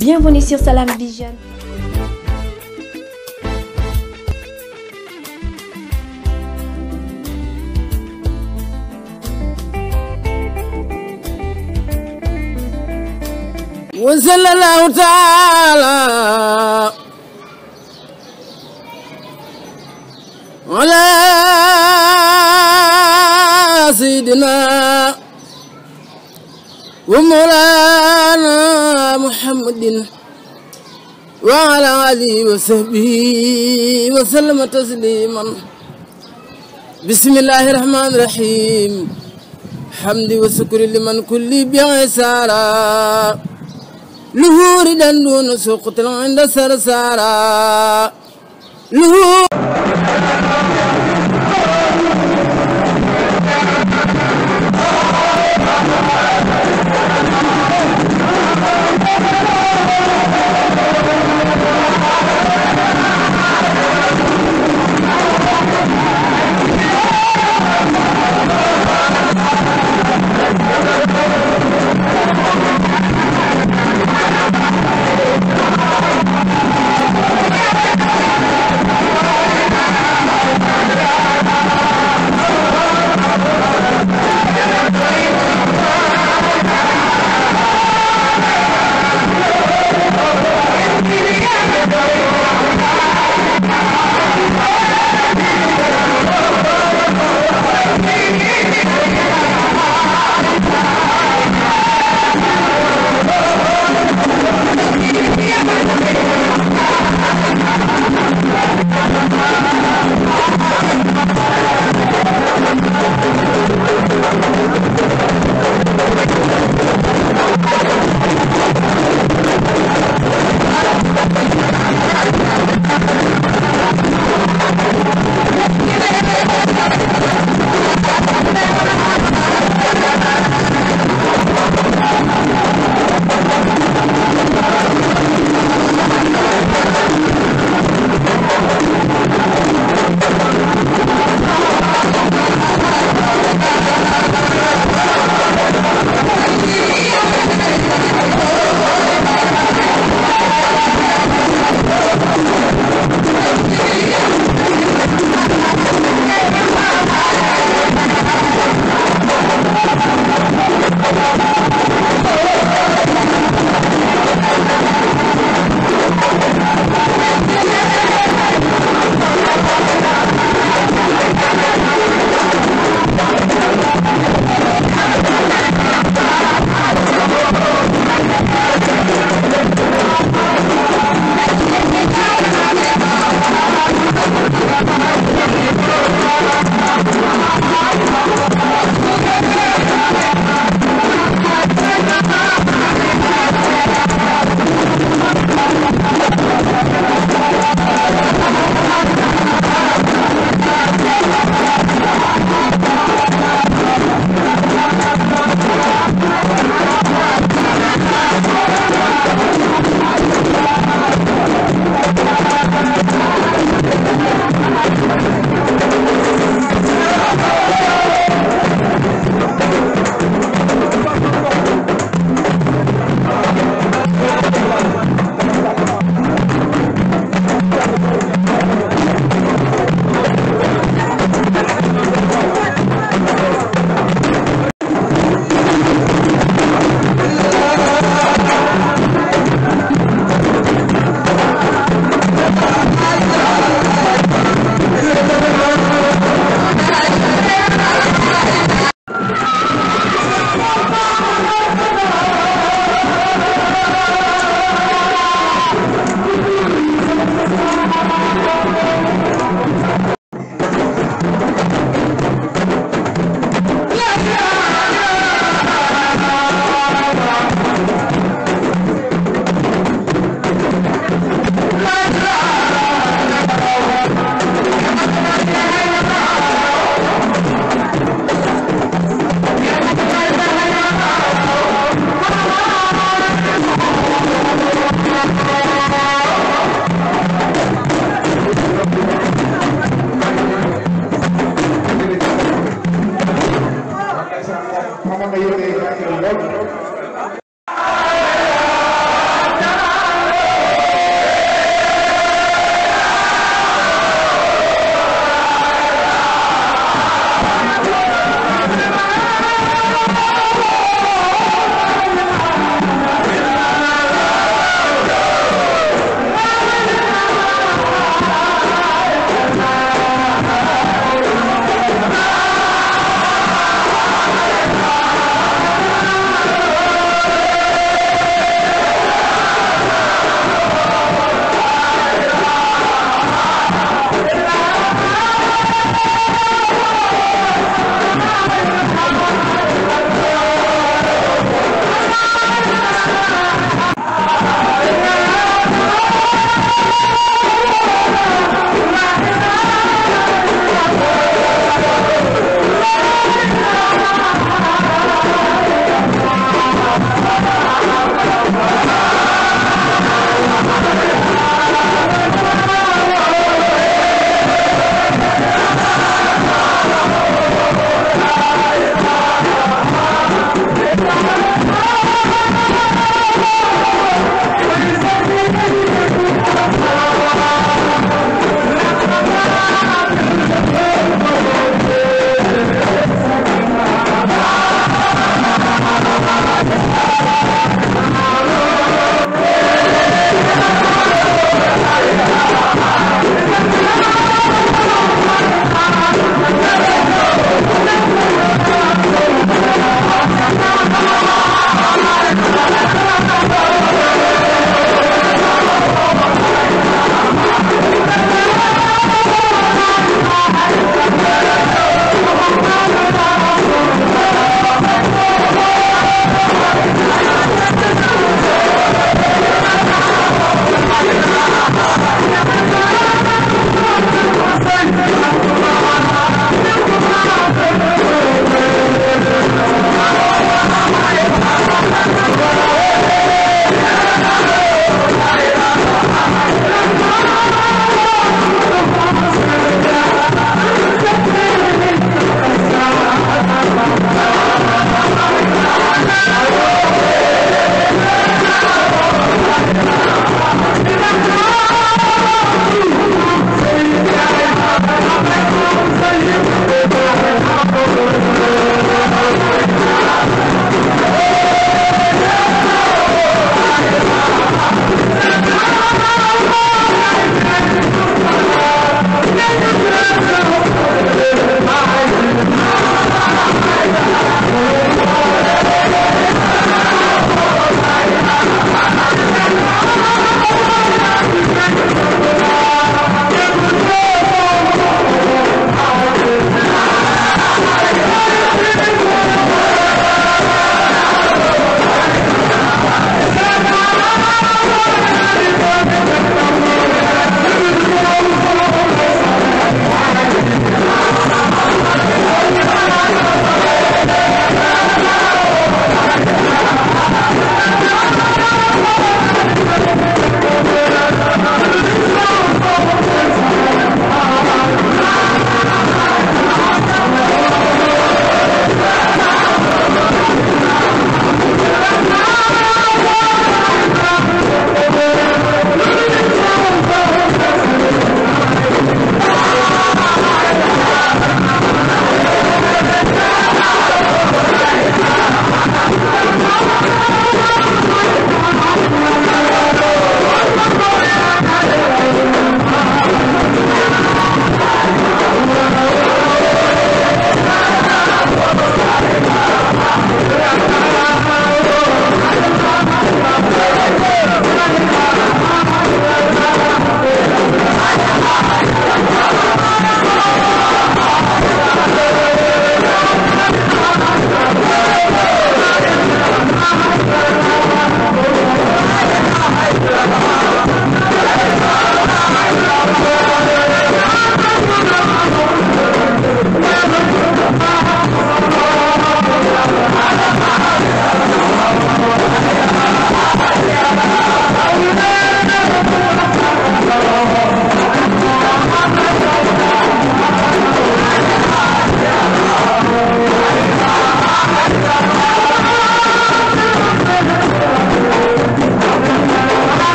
Bienvenue sur Salam Vision. وصلى الله تعالى على سيدنا ومولانا محمد وعلى آله وصحبه وسلم تسليما بسم الله الرحمن الرحيم حمد وشكر لمن كل بعسارا لهور دون سقط عند سرسارا لهور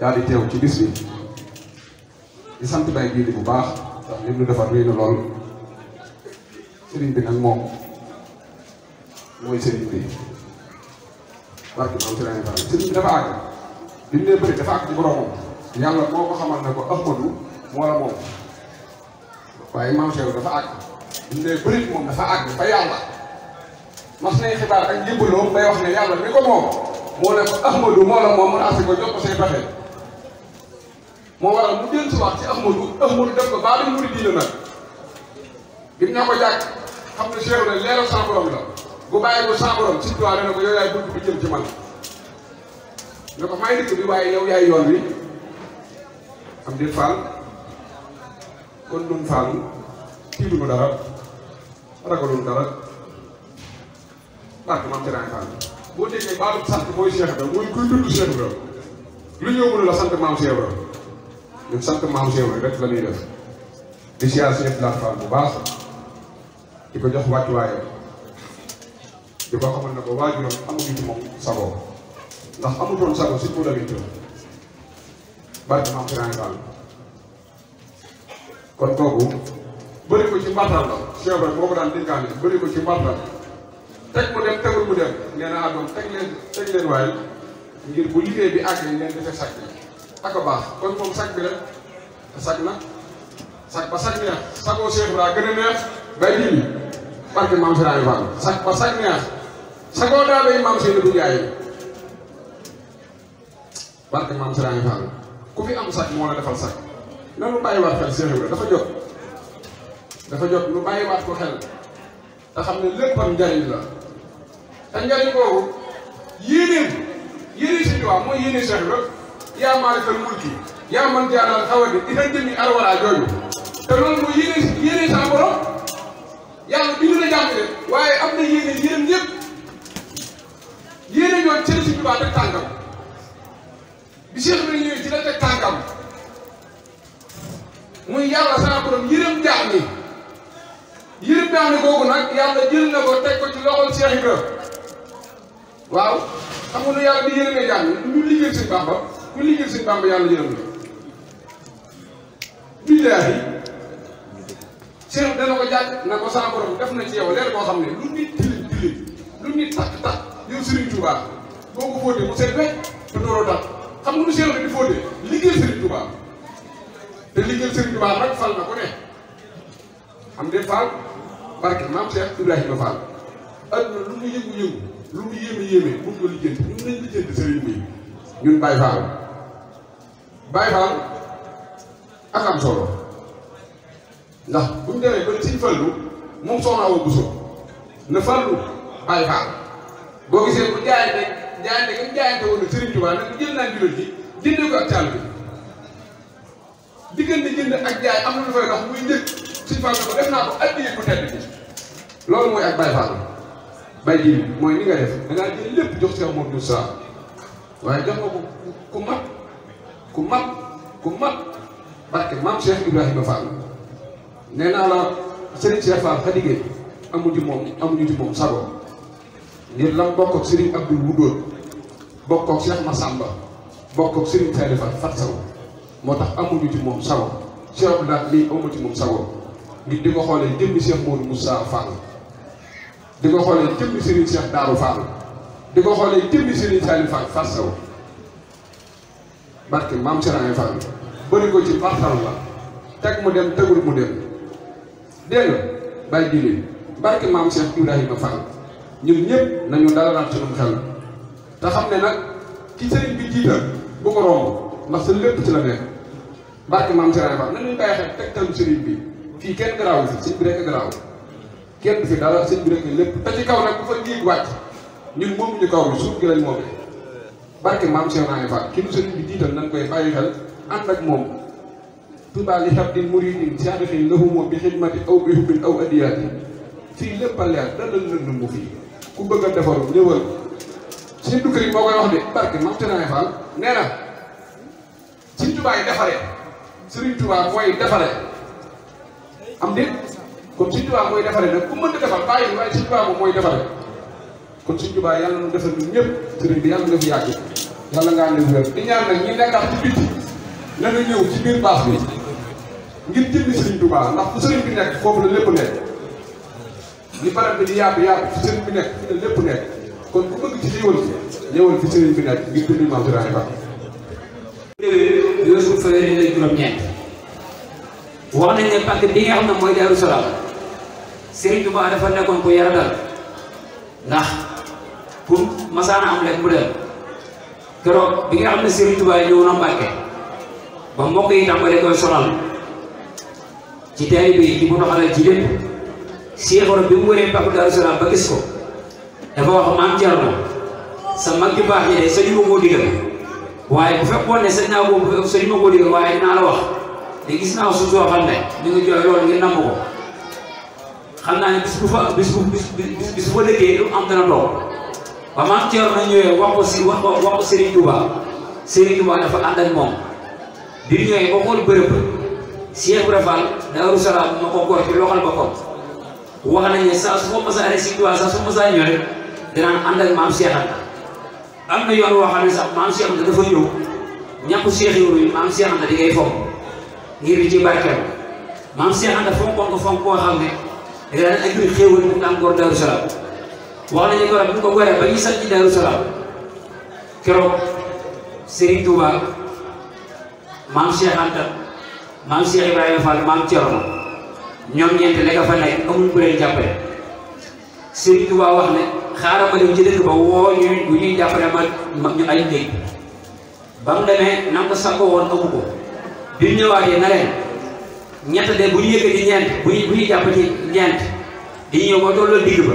yaa di teew ci bis bi di sant bay jiidi bu baax ndax lim lu defar réy na lool bi nag moom mooy sëriñ bi barke maam si rajo Ndane bi dafa àgg bi bëri ci boromam yàlla moo moom dafa àgg bi yàlla mas nañ xibaar ak njëbbaloom bay wax ne yàlla mi ko moom moo ne ko Ahmadu moo la moom mu ko jot ko say moo waral mu dellu si waat ci Ahmadou Ahmadou def ko baa bi murid diina nag bi ñoo ko jàkk xam ne Cheikh na leeral sa borom la bu bàyyi ko sa borom si tuwaare na yaay bunt bi jëm ci man ne ko may dëkk bi waaye yow yaay yoon wi am di faal kon nun faal tiiluma dara ragalum dara barke maam Tiraay Faal boo déggee baalu sant mooy Cheikh Ibrahima muy kuy tudd Cheikh lu ñëw mën la sant maam Cheikh Ibrahima ñun sant maam Cheikh rek la ñuy def di siyaar si yëpp laaj bu baax di ko jox wàccuwaayam di ko xamal ne ko waajuram amuñu ci moom sago ndax amutoon sago si mu dëgg itam barke kon kooku bëri ko ci mbartal la Cheikh rek boo ko daan dénkaane bëri ko ci mbartal teg mu dem tegul mu dem nee na teg leen waaye ngir bu liggéey bi àggee ngeen defee sàcc ak a baax kon moom sag bi rek sag na sag ba sag neex sagoo Cheikh Ibra gën a neex barke maam si rajo Fall sag ba sag neex sagoo daa bay maam seen bu jaay barke maam si rajo Fall ku fi am sag moo la defal sag na lu bàyyi waat xel Cheikh Ibra dafa jot dafa jot lu bàyyi waat ko xel te xam ne lépp am la te njariñ boobu yéeneen yéeneen si diwaan mooy yéeneen Cheikh Ibra yaa maalikal mulki yaa man jaanal xawadi di sa jëmmi alwala jooju te loolu mooy yéene yéene sa borom yàlla bi ñu la jàmm de waaye am na yéene yéen ñëpp yéene ñoom cëri si jubaa teg tànkam bi Cheikh bi ñëwee ci la teg tànkam muy yàlla sa borom yërëm jaam ni yërëm jaam ni kooku nag yàlla jël na ko teg ko ci loxol Cheikh Ibra waaw xam nga nu yàlla di yërëmee jaam ni lu liggéey sëñ Bamba ku liggéey sëñ Bàmba yàlla yërëm la billaahi Cheikh dana ko jàkk na ko sa borom def na ci yow leer boo xam ne lu nit tilim lu takk takk yow Serigne Touba boo ko fóotee mu seet wecc te dooroo takk xam nga nu Cheikh la di fóotee liggéey Serigne Touba te liggéey Serigne Touba rek fal na ko ne xam de Fall barke maam Cheikh Ibrahima Fall adduna lu mu yëngu-yëngu lu mu yéeme yéeme mun nga lijjanti ñun nañ lijjanti Serigne bi ñun Baye Fall bàyyi faal ak am solo ndax bu ñu demee ba ne siñ fallu moom soxna Awa Bousso na fallu bàyyi faal boo gisee bu jaayante jaayante nga jaayante woon na Serigne Touba nag jël naa ko ak caal bi ko def bi loolu mooy ak bàyyi faal bay ji mooy ni nga def da ngaa lépp jox Cheikh Modou Sa waaye jox ko ku mat ku mat ku mat barke maam Cheikh Ibrahima Fall naa la Serigne Cheikh Fall Khadigué amu ci moom amuñu ci moom sago ngir lam bokk ak Serigne Abdou Wudóor bokk ak Cheikh Massamba bokk ak Serigne Salifa Fat Saw moo tax amuñu ci moom sago Cheikh Abdoulaye lii amu ci moom sago ngir di ko xoolee jëmmi Cheikh Modou Moussa Fall di ko xoolee jëmmi Serigne Cheikh Darou Fall di ko xoolee jëmmi Serigne Salifa Fat Saw barke maam Serigne Fall bëri ko ci partal la teg mu dem tegul mu dem dégg bàyyi julli barke maam Cheikh Ibrahima Fall ñun ñëpp nañu dalalaat suñu xel te xam ne nag ki sëriñ bi jiital bu ko romb ndax sa lépp ci la nekk barke maam Serigne Fall nañuy bàyyi xel tegtalu sëriñ bi fii kenn garaawu fi sëñ bi rek garaaw kenn du fi dara sëñ bi rek lépp te ci kaw nag bu fa jiit wàcc ñun moomuñu kaw bi suuf gi lañ moomee barke maam Cheikh Naye Fall ki nu sëriñ bi jiital nañ koy bàyyi xel ànd ak moom tubaab yi xam di muridin saadixin lahumoo bi xidmati aw bi hubbin aw adiyaati fii lépp a leer dalal lëndëm mu fii ku bëgg a defaru ñëwal seen dukk yi moo koy wax de barke maam Cheikh Naye Fall nee na sëriñ Tuubaa yi defare sëriñ Tuubaa mooy defare am déet kon sëriñ Tuubaa mooy defare nag ku mën a defar bàyyi waaye sëriñ Tuubaa moom mooy defare kon sëriñ Tuubaa yàlla na defal ñun bi yàlla na fi yàlla ngaa ñëw wér di ñaan nag ñi nekkaat ci biti la nga ñëw ci biir baax bi ngir jëmmi sëriñ Tuubaa ndax fu sëriñ bi nekk foofu la lépp nekk li barab bi di yaatu yaatu fu sëriñ bi nekk fi la lépp nekk kon ku bëgg ci ñëwal fi ñëwal fi sëriñ bi nekk ngir jëmmi maam Sëriñ Tuubaa dina suuf fanweeri la juróom-ñeent wax nañ ne pàcc bi nga xam ne mooy Daaru Salaam Sëriñ Tuubaa dafa nekkoon ku yara dal ndax pour masaana am lekk mu del keroog bi nga xam ne Serigne Touba ñëw na Mbàkke ba mbokk yi tàmbalee koy sonal ci taalibe bi di ko doxalal ci lépp bi mu wëree Mbàkke Daaru Salaam ba gis ko dafa wax maam Thierno sa mag ju baax ñi de sañu ma koo digal waaye bu fekkoon ne sañ naa koo sañu ma koo digal waaye dinaa la wax te gis naa suuf soo xam ne ñu ngi jooy loolu ngir namm ko xam ne bis bu fa bis bu bis fa dëkkee lu am dana ba maam Thierno ñëwee wax ko si wax ko wax ko Serigne Touba Serigne Touba dafa moom bi ñu ñëwee xool bërëb Cheikh Ibra Fall Daaru Salaam ma ko góor ci loxal boppam wax nañu ne saa su ko mos a arrêté si Touba saa maam Cheikh Anta am na yoon woo xam ne sax maam Cheikh Anta dafa ñëw ñàkku Cheikh yooyu maam Cheikh Anta di ngay fomm ngir di ci barkeel maam Cheikh Anta fonkoon ko fonk koo xam ne da daan indi xéewal mu tàngoor Daaru Salaam wax nañu ko bu ñu ko goree ba ñuy sax ci Daaru Salaam keroog Serigne Touba maam Cheikh ñoom ñeent la fa nekk amuñu ku leen jàppale Serigne Touba wax ne xaaral ma dem ci dëkk ba woo ñu bu ñuy jàppale ma ay ndéy ba mu demee na ko sakko woon amu ko bi ñu ñëwaatee na leen ñett de bu ñu yëkkati ñeent bu ñu bu ñu jàpp ci ñeent di ñëw ba tolloo digg ba.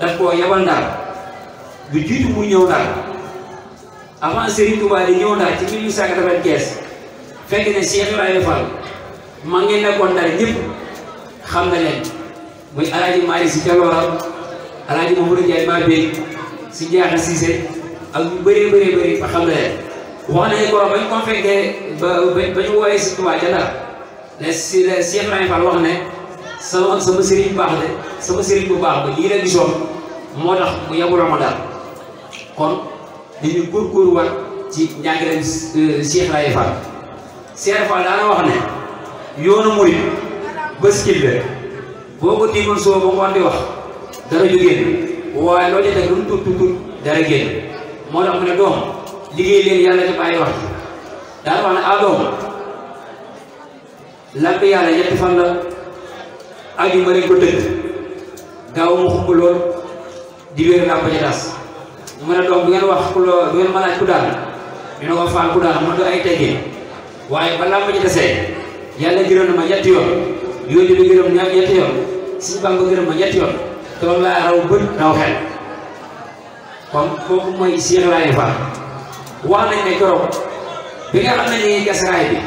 daf koo yebal ndar lu jiitu muy ñëw ndar avant Serigne Touba di ñëw ndar ci 1895 fekk ne Cheikh Ibrahima Fall maa ngi nekkoon ndar ñëpp xam na leen muy El Hadj Malick si Jalooral El Hadj Mamadou Ndiaye Mabé si Ndiakha Cissé ak ñu bëree bëree bëri ba xam na leen. wax nañu ko ba ñu ba ba ñu woowee si Touba ca ndar ne si wax ne. sama sama sëriñ bu baax de sama sëriñ bu baax ba lii la gisoon moo tax mu yabuloo ma daal kon dañu góorgóorlu war ci njàngaleem euh, Cheikh Laye Fall Cheikh Fall daana wax ne yoonu murid si kil la boo ko déggoon soo ba ngoon di wax dara ju génn waaye loolu itam lu mu tut tut dara génn moo tax mu ne doom liggéey leen yàlla te bàyyi wax daana wax ne ah doom yàlla ñetti fan la aju ma leen ko tënk daaw ma xumb lool di wéer naa ko ci tas mu ne doom bu ngeen wax ku loo bu ngeen ma laaj ku daal ñu ne ko faal ku daal mën nga ay teggee waaye balaa ma ci desee yàlla gërëm na ma ñetti yoon yooyu bi gërëm ña ñetti yoon suñu bàmba gërëm ma ñetti yoon te loolu laa raw bët raw xel kon kooku mooy Cheikh Ibrahima Fall wax nañ ne keroog bi nga xam ne nii gas raay bi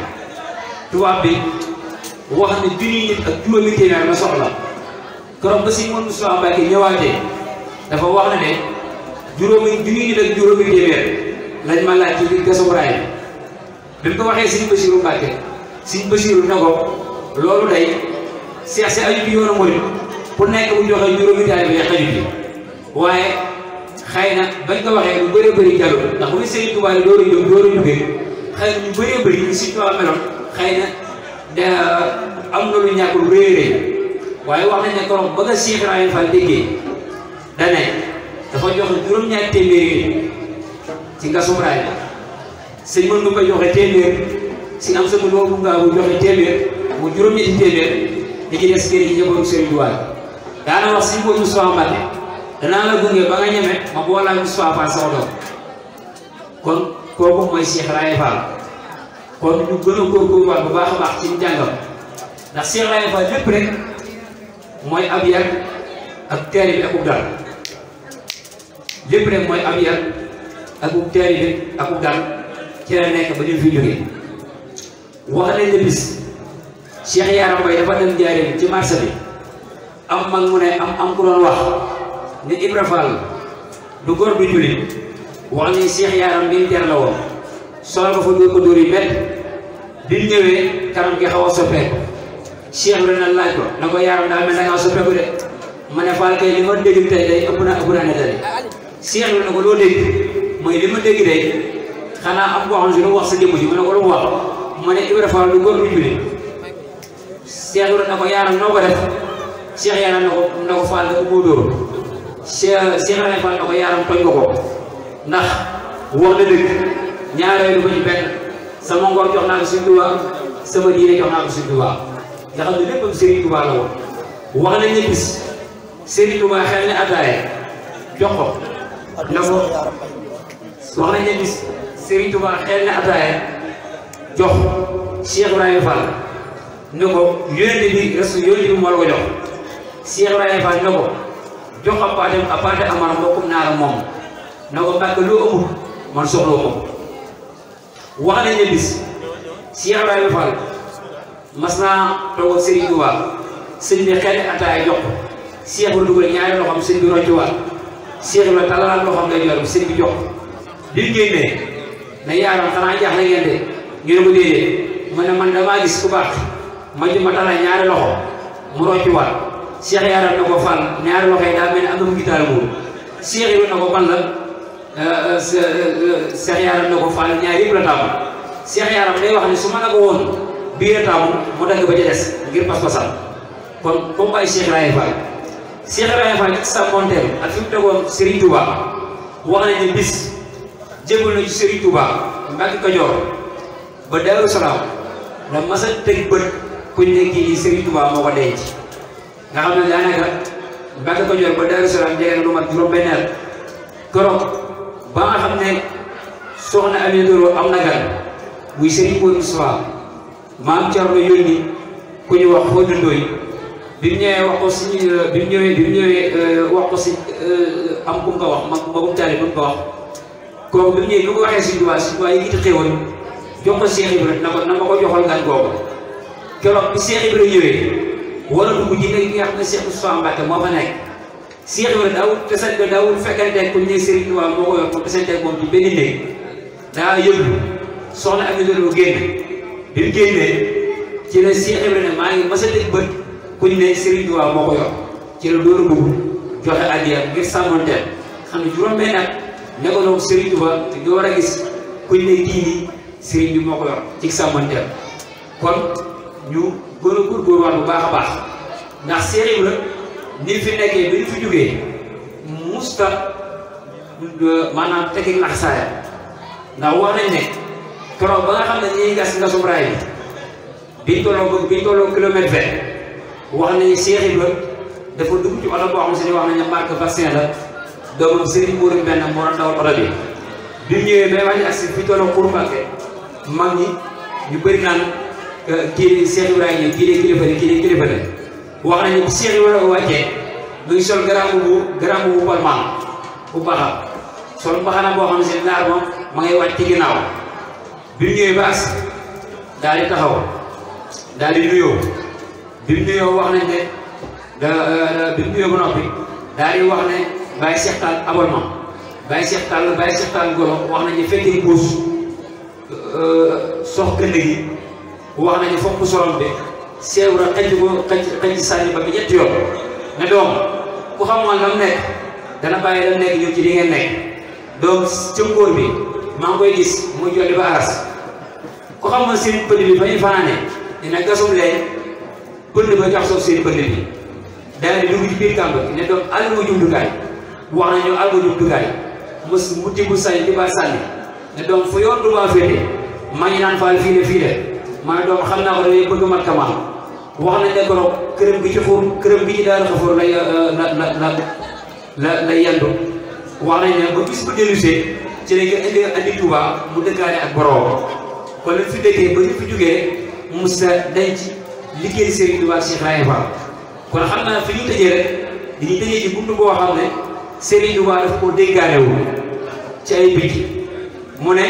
tubaab bi boo xam ne junniy nit ak juróomi téeméer la soxla keroog ba si moom Moustapha Mbacke ñëwaatee dafa wax ne ne juróomi junniy nit ak juróomi téeméer lañ ma laaj ci biir Gassou Braye bi mu ko waxee Sëriñ Bassirou Mbacke Sëriñ Bassirou ne ko loolu day seex si ayub yi yoonu murit ku nekk bu joxe juróomi taalibe bi xajut yi waaye xëy na bañ ko waxee lu bëree bëri jallu ndax bu fi Sëriñ Tuubaa dooru jóg dooru jógee xëy na ñu bëree bëri ñu si Tuubaa nee eh, am na lu ñàkkul réeré waaye wax nañ ne korom ba nga Cheikh Ibrahima Fall déggee da ne dafa joxe juróom-ñaari téeméeri ci Ngassou Brahima sëñ mën nga koy téeméer si am sama loolu nga bu joxe téeméer juróom-ñetti téeméer li ci des kër gi njëkkoon Serigne Douane daana wax si boobu Moustapha Mbacké danaa la gunge ba nga ñeme ma boolaa Moustapha Fall sama doom kon kooku mooy Cheikh Ibrahima kon ñu gën a góorgóorluwaat bu baax a baax ci njàngam ndax Cheikh Ibra Fall lépp rek mooy ab yar ak teeri bi ak ub lépp rek mooy ab ak ub ak ub ci la nekk fi jógee wax nañ ne bis Cheikh Yaaram Mbay dafa dem jaareen ci marché bi am mag mu ne am am ku doon wax ne Ibra du góor du jullit wax ne Cheikh Yaaram bi ñu woon. soxla ko fa dóor ko dóor yi bi ñëwee kanam gi xaw a soppeeku Cheikh Rena laaj ko na ko yaaram daa mel ne da ngaa soppeeku de ma ne kay li ma dégg tey day ëpp na ëpp na ne tey ko loo si lu wax sa jëmm yaaram noo ko def Cheikh yaaram na ko na ko Fall dóor Cheikh Cheikh Rena yaaram toj ko ndax wax na dëgg ñaareelu ko ci sama ngor jox naa ko Sëriñ Tuubaa sama diine jox naa ko Sëriñ Tuubaa la woon wax nañ ne bis Sëriñ Tuubaa xel ne ataaya jox ko na ko wax ne bis Sëriñ ne ataaya jox Cheikh ne ko yónente bi rasul yónente bi moo ko jox Cheikh Ibrahima Fall ne ko jox appaate appaate moom na ko mbàkk loo amul man soxloo ko wax nañ ne bis Cheikh Ibrahima Fall mas naa toog ak Serigne Touba sëñ bi xeeti ataaya jox ko Cheikh ba dugal ñaari loxoom sëñ bi roccuwaat Cheikh Ibrahima talalaat loxoom lay yor sëñ bi jox ko biñ génnee ne yaaram xanaa jaaxle ngeen de ñu ne ko déedéet mu ne man damaa gis ku baax ma ji ma talal ñaari loxo mu roccuwaat Cheikh yaaram na ko Fall ñaari loxo yi daa mel ne am na mu gitaar moom Cheikh Ibrahima na ko ban la. Euh, euh, euh, Cheikh Yaaram ne ko Fall ñaar yëpp la taamu Cheikh Yaaram day wax ne su ma la woon bii la taamu mu dagg ba ca des ngir pas-pasal kon comme que ay Cheikh Ibrahima Fall Cheikh Ibrahima Fall ci sa Kajoor ba Daaru Salaam la mas a teg bët kuñ ne kii Serigne Touba moo ko denc nga xam ne daanaka Mbacke Kajoor ba Daaru Salaam jege na lu juróom-benn at ba nga xam ne soxna Ami Doro am na gan muy Serigne Boy Moustapha maam Thierno yónni ku ñu wax Fodou Ndoye bi mu ñëwee wax ko si euh, wax ko si euh, am ku mu ko wax ma magum taali bu ko wax kooku bi mu ñëwee ko waxee si duwaa si duwaa yi it xéwal jox ko Cheikh Ibra na ko na ma ko joxal gan googu keroog bi Cheikh Ibra ñëwee war a dugg ji nga xam ne Cheikh Moustapha Mbacke moo fa nekk Seex Ibra daawul tasante daawul fekkante ku ñuy Sëriñ Tuubaa moo ko yor mu tasante moom ci benn néeg daa yóbbu soxna ak ñu génn bi génnee ci la Seex Ibra ne maa ngi mas bët ku ne Sëriñ Tuubaa moo ko yor ci la dóor a bëgg joxe addiya ngir sàmmanteel xam ne juróom-benn at nekkoon Sëriñ Tuubaa te ñu war a gis ku ne kii nii Sëriñ bi moo ko yor ci sàmmanteel kon ñu gën a góorgóorluwaat bu baax baax ndax Seex Ibra ni fi nekkee bi ñu fi jógee musta maanaam tekki ak saaya ndax wax nañ ne keroog ba nga xam ne ñuy gas nga subraay bi biñ tolloo biñ tolloo kilomètre vingt wax nañu Cheikh Ibra dafa dugg ci oto boo xam si ne wax nañu marque vaccin la doomam Serigne Mourou Mbène moo doon dawal oto bi bi mu ñëwee may wax ni ak si fi tolloo Kourou Mbacké mag ñi ñu bëri naan euh, kii Cheikh Ibrahima kii de kilifa la kii de kilifa la wax nañu bu Cheikh Ibrahima wàccee muy sol garabu bu garabu bu palmaan bu baxam sol mbaxana boo xam ne naar moom ma ngay wàcc ci ginnaaw bi mu ñëwee baas daal di taxaw daal di nuyoo bi nuyoo wax nañ ne da euh, bi nuyoo ba noppi daal di wax ne bàyyi Cheikh Tall abonnement bàyyi Cheikh Tall bàyyi Cheikh wax nañ ne fekkee buus euh, sox kënd gi wax nañu fopp solom bi seewra xëj ko xëj xëj sànni ba bi ñetti yoon ne doom ku xamoon lam nekk dana bàyyi lam nekk ci li ngeen nekk doom cëngóor bi maa koy gis muy jolli ba aras ku xamoon seen pënd bi fa ñu fanaane dina gasum leen bi daal di ne doom àll nga jumtukaay nañu àll nga ba sànni ne doom baa féete maa ngi naan faal fii de maa doom xam naa ko dafay bëgg mat kamaam wax nañ ne keroog këram bi ci xur këram bi ci daara xafoor lay euh, la wax nañ ne ba bis bu dellusee ci lañ ko indi andi Touba mu dëkkaale ak boroom kon li fi dëkkee ba ñu fi jógee Moussa denc liggéey Serigne Touba Cheikh Ibrahima Fall xam ne Serigne Touba dafa ko déggaale ci ay picc mu ne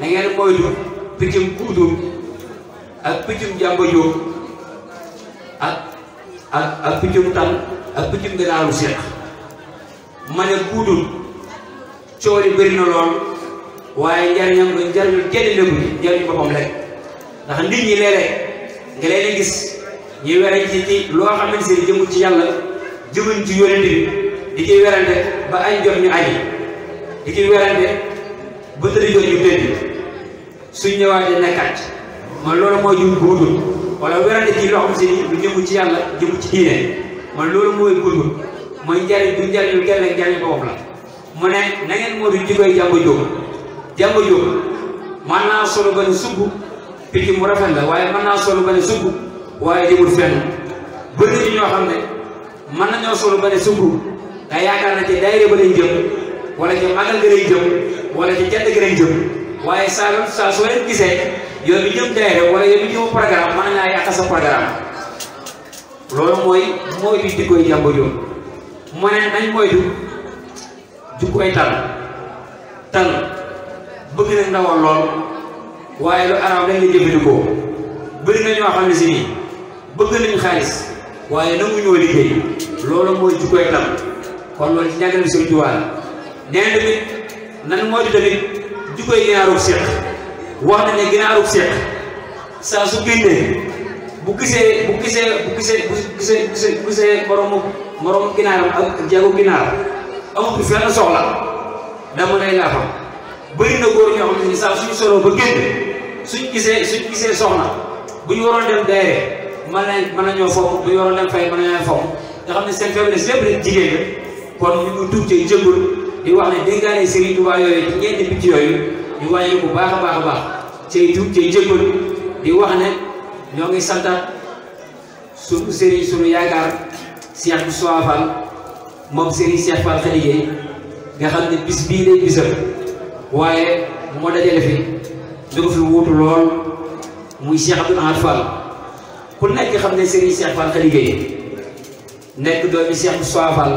da ngeen moytu piccum kuutur ak piccum jàmba jóob ak ak ak piccum tam ak piccum gënaaru seex ma ne guudul coow li bëri na waaye njariñam lu njariñul kenn léegi njariñu boppam rek ndax nit ñi léeg nga leen gis ñuy werante ci ci loo xamante seen jëmu ci yàlla jëmuñ ci yónent bi di ciy werante ba añ jot ñu añi di ciy werante ba tëdd jot ñu tëdd suñ ñëwaatee nekkaat man loolu mooy jur guudul wala werante ci loo xam si ni lu jëmu ci yàlla jëmu ci diine man loolu mooy góorgóorlu mooy njariñ du njariñu kenn rek njariñ boppam la mu ne na ngeen moo di jikoy jàmba jóg man naa solo ba ne sumb picc mu rafet la waaye man naa solo ba ne sumb waaye jëmul fenn bëri na ñoo xam ne mën nañoo solo ba ne sumb nga yaakaar na ci daayira ba lañ jëm wala ci magal ga lañ jëm wala ci jant waaye saa gisee yow mi jëm daayira wala yow mi jëm programme mën naa yàq sa programme loolu mooy moytu jikkoy jàmba joon mu ne nañ moytu jikkoy tal tal bëgg na ndawal lool waaye lu araw dañ la na ñoo ne si nii bëgg nañ xaalis waaye nangu ñoo liggéey loolu mooy jikkoy tal kon loolu ci njàngale bi nee na tamit nan moytu tamit jikkoy ñaarug seq wax na ne ginaarug seex saa su génnee bu gisee bu gisee bu gisee bu gisee bu gisee moromu moromu ginaaram ak jagu ginaar amul fenn soxla dama lay laafam bëri na góor ñoo xam ne saa suñu solo ba génn suñ gisee suñ gisee soxna bu ñu waroon dem daayira mën na mën nañoo fomm bu ñu waroon dem fay mën nañoo fomm nga xam ne seen faiblesse lépp rek jigéen la kon ñu ngi tuub ci jëmbul di wax ne dénkaane Serigne Touba yooyu ci ñeenti picc yooyu. ñu wàññi bu baax a baax a baax cay tuub cay jéggal di wax ne ñoo ngi santaat sunu sëriñ sunu yaakaar Cheikh Moussa Fall moom sëriñ Cheikh Fall Khadijé nga xam ne bis bii day bisam waaye moo dajale fi ñu ko fi wuutu lool muy Cheikh Abdou Ahad Fall ku nekk xam ne sëriñ Cheikh Fall Khadijé nekk doomi Cheikh Moussa Fall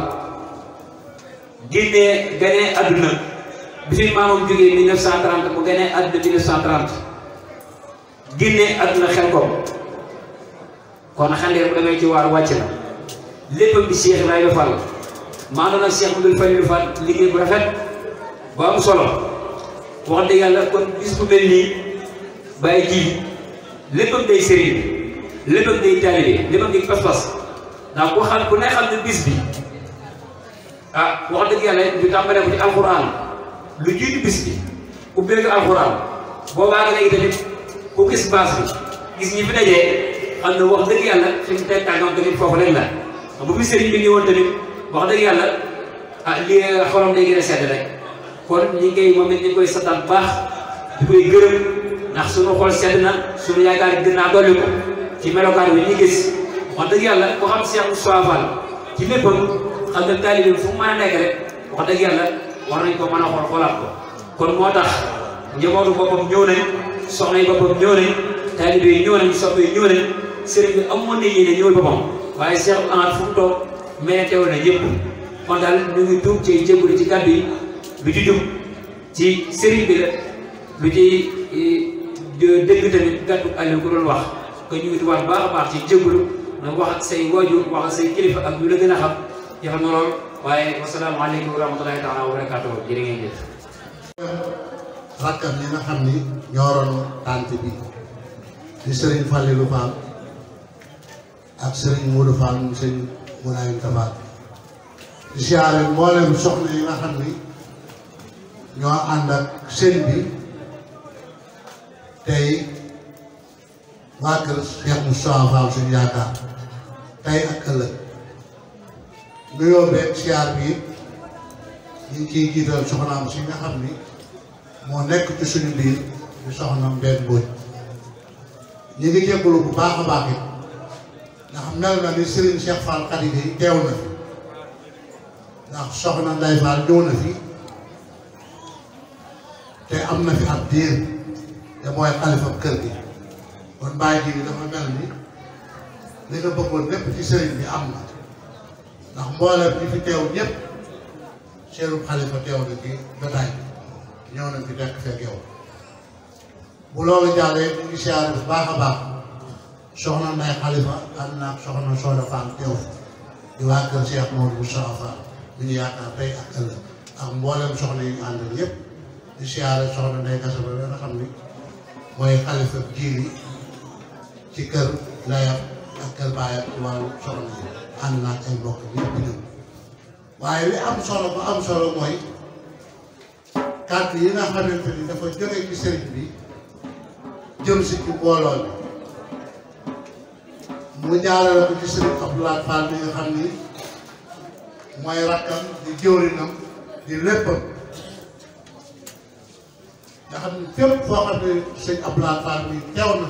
génnee gane àdduna bi fi maamam jógee 1930 bu gënee àdduna génnee àdduna xel ko kon xandee bu demee ci waar wàcc na léppam bi Cheikh Ibrahima Fall maandoon ak Cheikh Abdoul Fadil Fall liggéey bu rafet bu am solo wax dëgg yàlla kon bis bu mel nii bàyyi ji léppam day sëriñ léppam day taalibe léppam day pas-pas ndax ku xam xam ne bis bi ah wax dëgg yàlla ñu tàmbalee ko ci alquran lu jiitu bis bi ubbeeku alxuraan boobaa nga léegi tamit ku gis baas bi gis ñi fi dajee xam ne wax dëgg yàlla suñu teg tàngam foofu la bu fi sëriñ bi wax dëgg yàlla ah li xolam day gën a sedd rek kon ñi ngi koy moom it ñu yaakaar gën naa ko ci melokaan bi ñu gis wax dëgg yàlla ku xam xam ne taalibe fu mu mën a nekk rek wax dëgg yàlla war nañ ko man a xool xoolaat ko kon moo tax njabootu boppam ñëw nañ soxna yi boppam ñëw nañ taalibe yi ñëw nañ soppe yi ñëw nañ sëriñ bi amoon na yéene ñëwal boppam waaye Cheikh Ahmad fu mu toog mais teew na ñëpp kon daal ñu ngi tuub ci jégalu ci kàddu bi lu ci jub ci sëriñ bi lu ci e, dégg tamit kàddu Aliou ko doon wax que ñu ngi tubaab baax a baax ci jégalu na wax ak say waajur wax ak say kilifa ak ñu la gën a xam jafe waaye wasalaamaaleykum wa wa barakaatu jërë ngeen jëf. rakkam ñi ni ñooroon tànt bi di Serigne Fallilou Fall ak Serigne Modou Fall mu Serigne Moulay Tafal di siyaare mboolem soxna yi nga xam ni ñoo ànd ak sëriñ bi tey waa kër Cheikh Moustapha Fall suñu yaakaar ak ëllëg. nuyoo beeg siyaar bi ñu ngi ciy jiital soxnaam si nga xam moo nekk ci suñu biir di soxnaam benn booy ñu ngi jéggalu bu baax a baax it nga xam mel na ni Serigne Cheikh Fall Khadija yi teew na fi ndax soxna Nday Fall ñëw na fi te am na fi ab diir te mooy xalifa kër gi kon bàyyi ji dafa mel ni li nga bëggoon lépp ci sëriñ bi am na ndax mboolem ñi fi teew ñëpp seenu xalifa teew na ci jotaay bi ñëw nañ fi nekk fekk yow bu loolu jàllee ñu ngi siyaare bu baax soxna Ndeye xalifa ànd naag soxna Soda Fall teew di ni mooy xalifa jiir ci kër ndeyam ak kër baayam ci wàllu soxna yi am naa ak ay mbokk yëpp ñëw waaye li am solo ba am solo mooy carte yi nga xamante ni dafa jóge ci sëriñ bi jëm si ci mu jaarale ko ci sëriñ Abdoulaye Fall bi nga xam ni mooy rakkam di jëwrinam di léppam nga xam ni fépp foo xam ne sëriñ Abdoulaye Fall bi teew na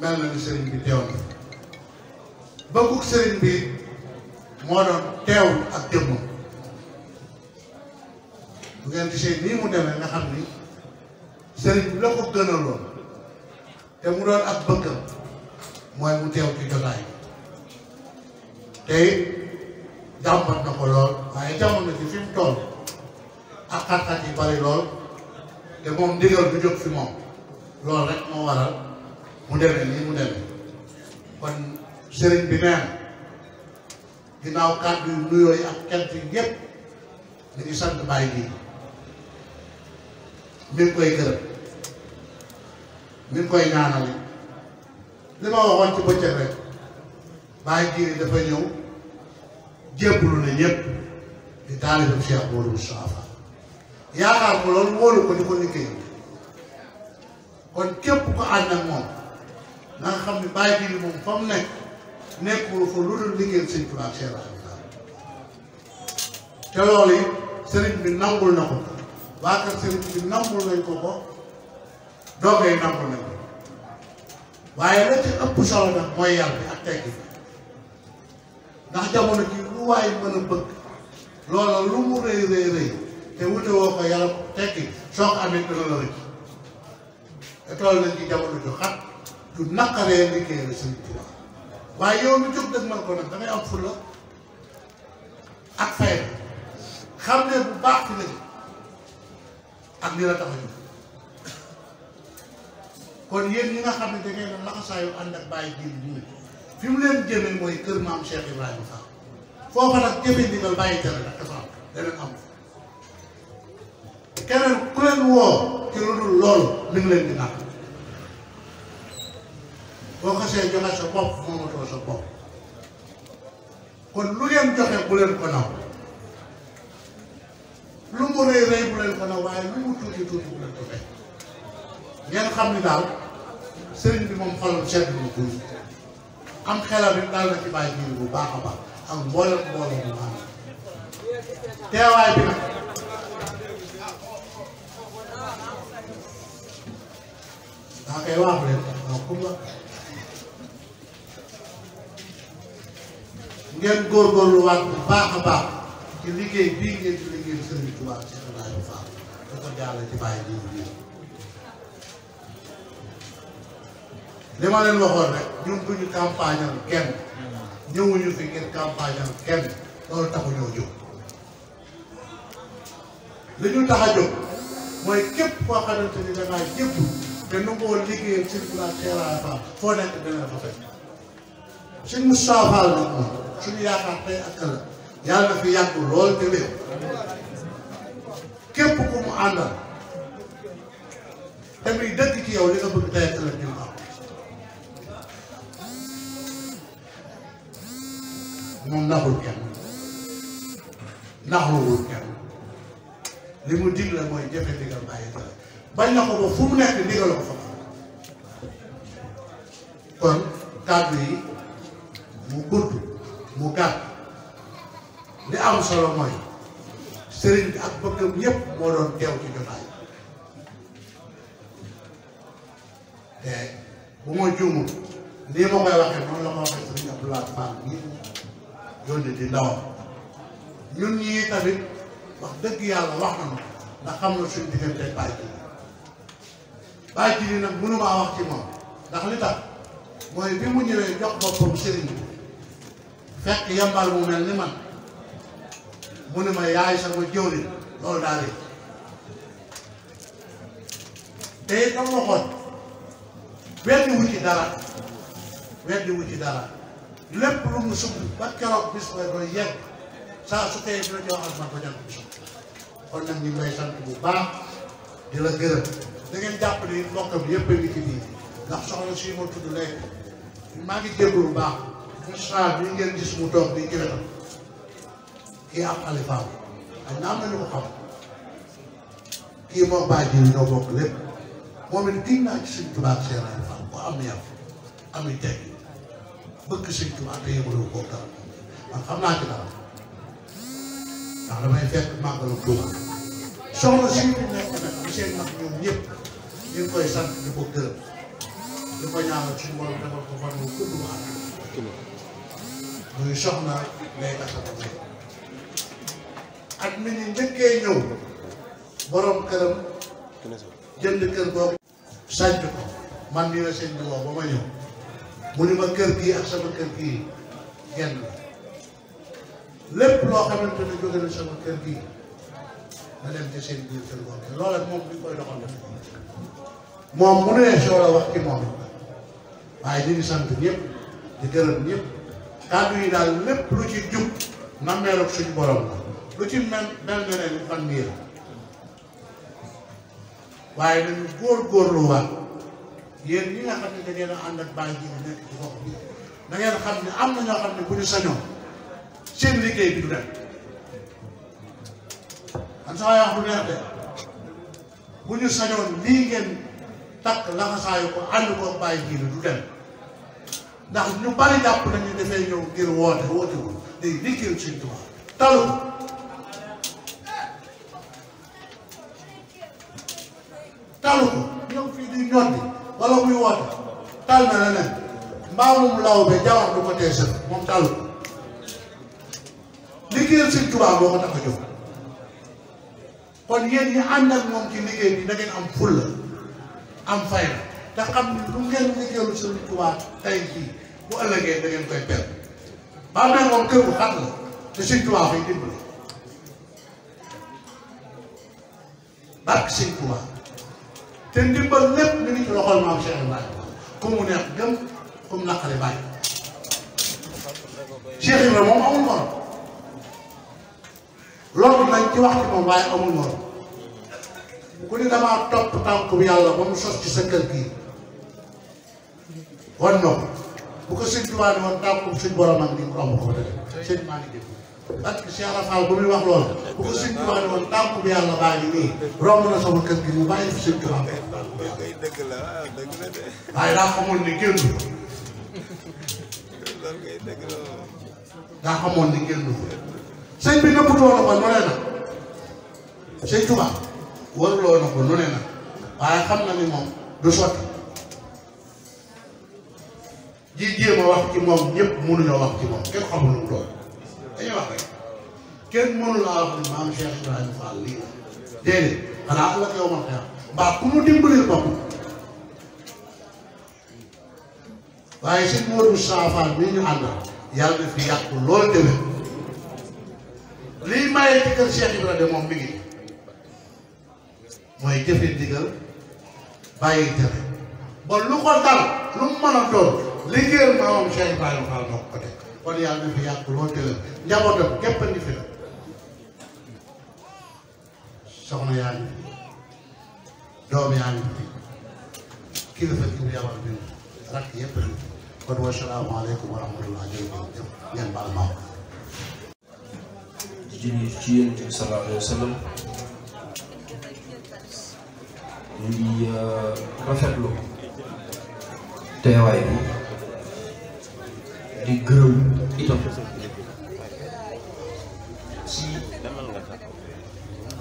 mel na ni sëriñ bi teew na bëggug sëriñ bi moo doon teewul ak jëmm bu ngeen gisee nii mu demee nga xam ni sëriñ bi la ko gënaloon te mu doon ak bëggam mooy mu teew ci jotaay te it na ko lool waaye jamono ci fi mu toll ak xat-xat yi bari lool te moom ndigal bu jóg fi moom loolu rek moo waral mu demee nii mu demee kon sëriñ bi nee dinaaw kàddu yu nuyoo yi ak kent yépp dañuy sant bàyyi bii mi ngi koy gërëm mi ngi koy ñaanal li ma waxoon ci bëccëg rek bàyyi jiiri dafa ñëw jébbalu na ñëpp di taalibam Cheikh Modou Moustapha yaakaar ko loolu wóolu ko di ko liggéey kon képp ko ànd ak moom na nga xam ne bàyyi jiiri moom fa mu nekk nekkul fa lu dul liggéeyal sëñ Tuubaa Cheikh Rahmatulah te loolu it sëriñ bi nangul na ko waa kër sëriñ bi nangul nañ ko ko doogay nangul nañ ko waaye la ci ëpp solo nag mooy yar ndax jamono ji lu waay mën a bëgg loola lu mu rëy rëy rëy te wute woo ko yaram tekki soo ko amee dana la rëcc te toll nañ ci jamono ju xat du naqaree liggéeyal sëriñ Tuubaa waaye yow mi jóg dëgmal ko nag da am fulla ak fay xam ne bu baax fi lañ ak li la tax a kon yéen ñi nga xam ne da ngeen a laxasaayu ànd ak bàyyi jiw bi ñu fi mu leen jëmee mooy kër maam Cheikh Ibrahima Fall foofa nag jëmee ndigal bàyyi tere nag dafa am dana am keneen ku leen woo ci lu dul loolu mi ngi leen di boo xasee joxe sa bopp moomatoo sa bopp kon lu ngeen joxe bu leen ko lu mu rëy rëy bu leen ko waaye lu mu tuuti tuuti bu leen ko fay xam ni daal sëriñ bi moom xolam sedd na ko am xelam it daal na ci bàyyi jiw bu baax a baax ak mboolem mboolem bu baax teewaay bi nag. daa koy wax leen waaw ngeen góorgóorluwaat bu baax baax ci liggéey bii ngeen ci liggéey Serigne Touba Cheikh Ibrahima Fall da ko jàll ci bàyyi jiwu bi. li ma leen waxoon rek ñun duñu campagne am kenn ñëwuñu fi ngeen campagne am kenn loolu taxu jóg li ñu tax a jóg mooy képp koo ni da ngaa jëpp te nu ko liggéeyal Serigne Touba Cheikh Ibrahima Fall foo nekk dana fa fekk Serigne Moustapha Fall nag moom. suñu yaakaar tey ak ëllëg yàlla na fi yàgg lool te wér képp ku mu àndal te muy dëkk ci yow li nga bëgg tey ak ëllëg ñu am moom naxul bàyyi tere bañ na ko ba fu mu fa kon kàddu yi mu gudd mu gàtt li am solo mooy sëriñ bi ak bëggam yépp moo doon teew ci jotaay bu ma juumul nii ma koy waxee moom la ma waxee sëriñ Abdoulaye Fall ñi yónni di ndawam ñun ñii tamit wax dëgg yàlla wax nañu ndax xam na suñ diggante bàyyi ji bàyyi ji nag mënuma wax ci moom ndax li tax mooy bi mu ñëwee jox boppam sëriñ bi fekk yambal mu ni man mu ne ma yaay sama jëwriñ loolu daal di te it am waxoon weddi wu ci dara weddi wu dara lépp lu mu sumb ba keroog bis ba doy yegg saa su tey dina jox ak man ko jant bi sumb kon nag ñu ngi lay bu baax di la gërëm da ngeen jàpp ne mbokkam yëpp a ngi ci biir ndax soxna si ma tudd léegi maa ngi jégalu bu baax. saa bi ngeen gis mu toog di jëlee kii am xalifaam xëy na am na ñu ko xam kii moom baa ji ñoo bokk lépp moom it kii naa ci Sëriñ Tuubaa seen xalifaam ku am yàlla ami teg bëgg Sëriñ Tuubaa te yëngu ko dara man xam naa ci dara ndax damay fekk màggalu Tuuba soxna si ñu nekk nag am seen nag ñoom ñëpp ñu ngi koy sant di ko gërëm di ko ñaanal suñu borom defal ko fan wu gudd mu ànd. muy soxna lay taxawu tey at mi ni njëkkee ñëw borom këram jënd kër boobu sànc ko man nii la sëñ bi woo ba ma ñëw mu ni ma kër gii ak sama kër gii genn la lépp loo xamante ne jóge na sama kër gii na dem ci seen biir kër boobu loolu moom duñ koy doxal na moom mu nee soo la wax ci moom waaye ñu ngi sant ñëpp di gërëm ñëpp kàddu yi daal lépp lu ci jub nammeeru suñu borom la lu ci mel mel ne ne fan nii la waaye nañu góor-góorluwaat yéen ñi nga xam ne da ngeen a ànd ak bàyyi ji nekk ci gox bi da ngeen xam ne am na ñoo xam ne bu ñu sañoon seen liggéey bi du dem am sax wax bu de bu ñu sañoon lii ngeen takk laxasaayu ko ànd ko bàyyi ji du dem. ndax ñu bari jàpp nañu dafay ñëw ngir woo woote wu day liggéeyal Sëñ Tuubaa talu talu ko ñëw fii di ñotti wala muy woote tal na la ne mbaamum law be jawar du ko tee sën moom talu ko liggéeyal Sëñ Tuubaa boo ko a jóg kon yéen ñi ànd ak moom ci liggéey bi da ngeen am fulla am fayda te xam ne lu ngeen liggéeyalu Sëñ Tuubaa tey jii bu ëllëgee da ngeen koy per bàmmeel moom kër bu xat te Sëñ Tuubaa fay dimbali barke Sëñ Tuubaa te ndimbal lépp mi ngi ci loxol maam Cheikh Ibrahima ku mu neex gëm ku mu naqari bàyyi Cheikh Ibrahima moom amul morom loolu nañ ki wax ci moom waaye amul morom ku ni damaa topp tànk bu yàlla ba mu sos ci sa kër gii bu ko sëñ Tuubaa ne woon tàmm suñ borom ak ni mu ko amoo ko dëgg sëñ maa ngi dégg parce que Cheikh Rafal bu muy wax loolu bu ko sëñ Tuubaa ne woon tàmm bi yàlla baa ngi nii romb na sama kër gi mu bàyyi fi sëñ Tuubaa waaye daa xamoon ne génn daa xamoon ne génn sëñ bi nëbbutoon na ko nu ne na sëñ Tuubaa waruloo na ko nu ne na waaye xam na ni moom du sotti di jéem a wax ci moom ñëpp mënuñoo wax ci moom kenn xamul lu ko dal lu mu mën a doon. liggéeyal maamam Cheikh Ibrahima Fall moo ko teg kon yàlla na fi yàgg lool te la njabootam gépp a ngi fi la soxna yaa ngi fi doom yaa ngi fi kilifa gi mu yabal bi rakk yëpp a ngi fi kon wasalaamaaleykum wa rahmatulah jërëjëf ngeen baal ma di julli ci Yonent bi sallallahu alayhi wa sallam ñu ngi euh, rafetlu teewaay bi di gërëm itam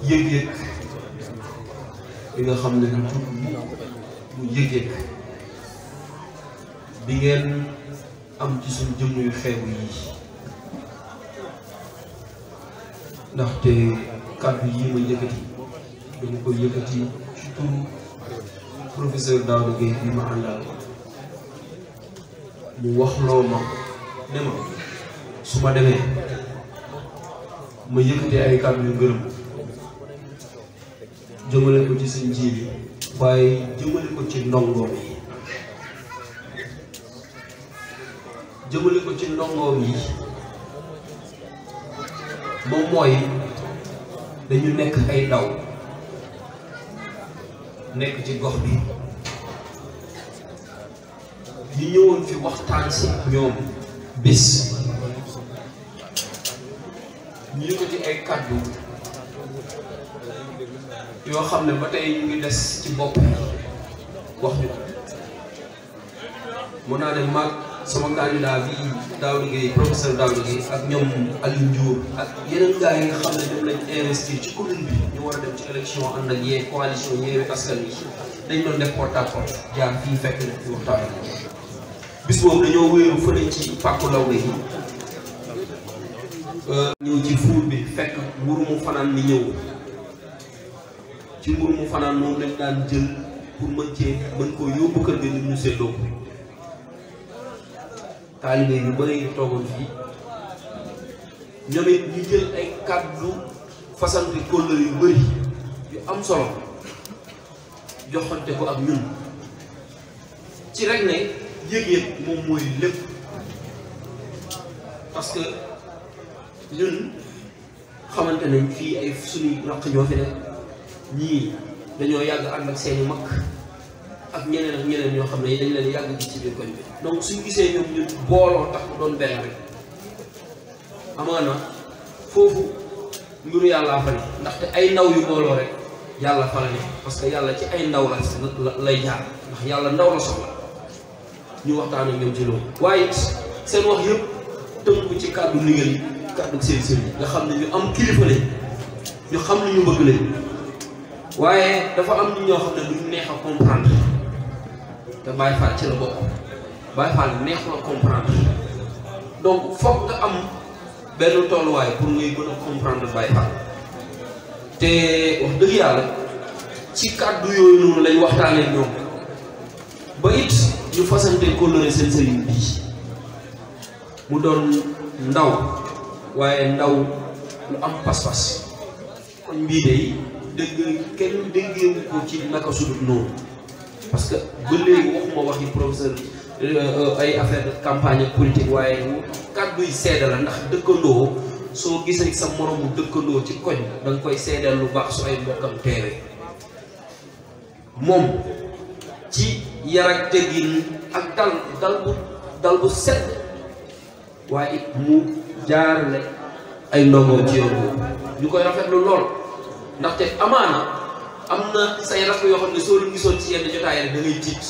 yëg-yëg bi nga xam ne du tur bi mu yëg-yëg bi ngeen am ci suñ jëmm yu xeebu yi ndaxte kàddu yi ma yëkkati dama koy yëkkati turu professeur Daouda Gueye bi ma àndal mu waxloo ma ne ma su ma demee ma yëkkatee ay kàddu yu ngërëm jëmale ko ci seen ji bi waaye jëmale ko ci ndongoom yi jëmale ko ci ndongoom yi moom mooy dañu nekk ay ndaw nekk ci gox bi ñu ñëwoon fi waxtaan si ñoom bis ñu yëkkati ay kàddu yoo xam ne ba tey ñu ngi des ci bopp wax ñu mun naa dem maag sama candidat bi Daouda Gueye professeur Daouda Gueye ak ñoom Aliou Ndiour ak yeneen gars yi xam ne ñoom lañ investir ci commune bi ñu war a dem ci élection ànd ak yee coalition Yewwi Askan Wi dañ doon def porte à jaar fii fekk na fi waxtaan bis boobu dañoo wéeru fële ci pàkku law yi ñëw ci fuur bi fekk mburu mu fanaan ni ñëw ci mburu mu fanaan moom lañ daan jël pour mën cee mën koo yóbbu kër gi ñu seddoo ko taalibe yu bëri toogoon fii ñoom it ñu jël ay kàddu fasante kóllëre yu bëri yu am solo joxante ko ak ñun ci rek ne yëg-yëg moom mooy lépp parce que ñun xamante nañ fii ay suñuy raq ñoo fi ne ñii dañoo yàgg ànd ak seeni mag ak ñeneen ak ñeneen ñoo xam ne dañ leen yàgg gi ci biir koñ bi donc suñ gisee ñoom ñun booloo tax doon benn rek amaana foofu mbiru yàllaa fa ne ndaxte ay ndaw yu booloo rek yàlla fa la ne parce que yàlla ci ay ndaw la lay jaar ndax yàlla ndaw la soxla ñu waxtaan ak ñoom ci loolu. waaye it seen wax yëpp tënku ci kàddu ndigal kàddu seen sëriñ nga xam ne ñu am kilifa ñu xam li ñu bëgg lañ waaye dafa am ñi ñoo xam ne duñ neex a comprendre te Baye ci la bokk Baye Fall comprendre donc foog am benn tolluwaay pour ngay gën a comprendre Baye te wax dëgg yàlla ci kàddu yooyu noonu lañ waxtaanee ñoom ba it. ñu fasante kóllëre seen sëriñ bii mu doon ndaw waaye ndaw lu am pas-pas kon bii day dégg kenn déggeewu ko ci naka sudut noonu parce que ba léegi waxuma waxi professeur euh, ay affaire de campagne ak politique waaye kàddu yi seede la ndax dëkkandoo soo gisee ak sa moroomu dëkkandoo ci koñ da koy seedeel lu baax su ay mbokkam teewee moom ci yar ak teggin ak dal dal bu dal bu set waaye it mu jaarale ay ndongoom ci yoon boobu ñu koy rafetlu lool ndaxte amaana am na say rakk yoo xam ne soo leen gisoon ci yenn jotaay rek da tiit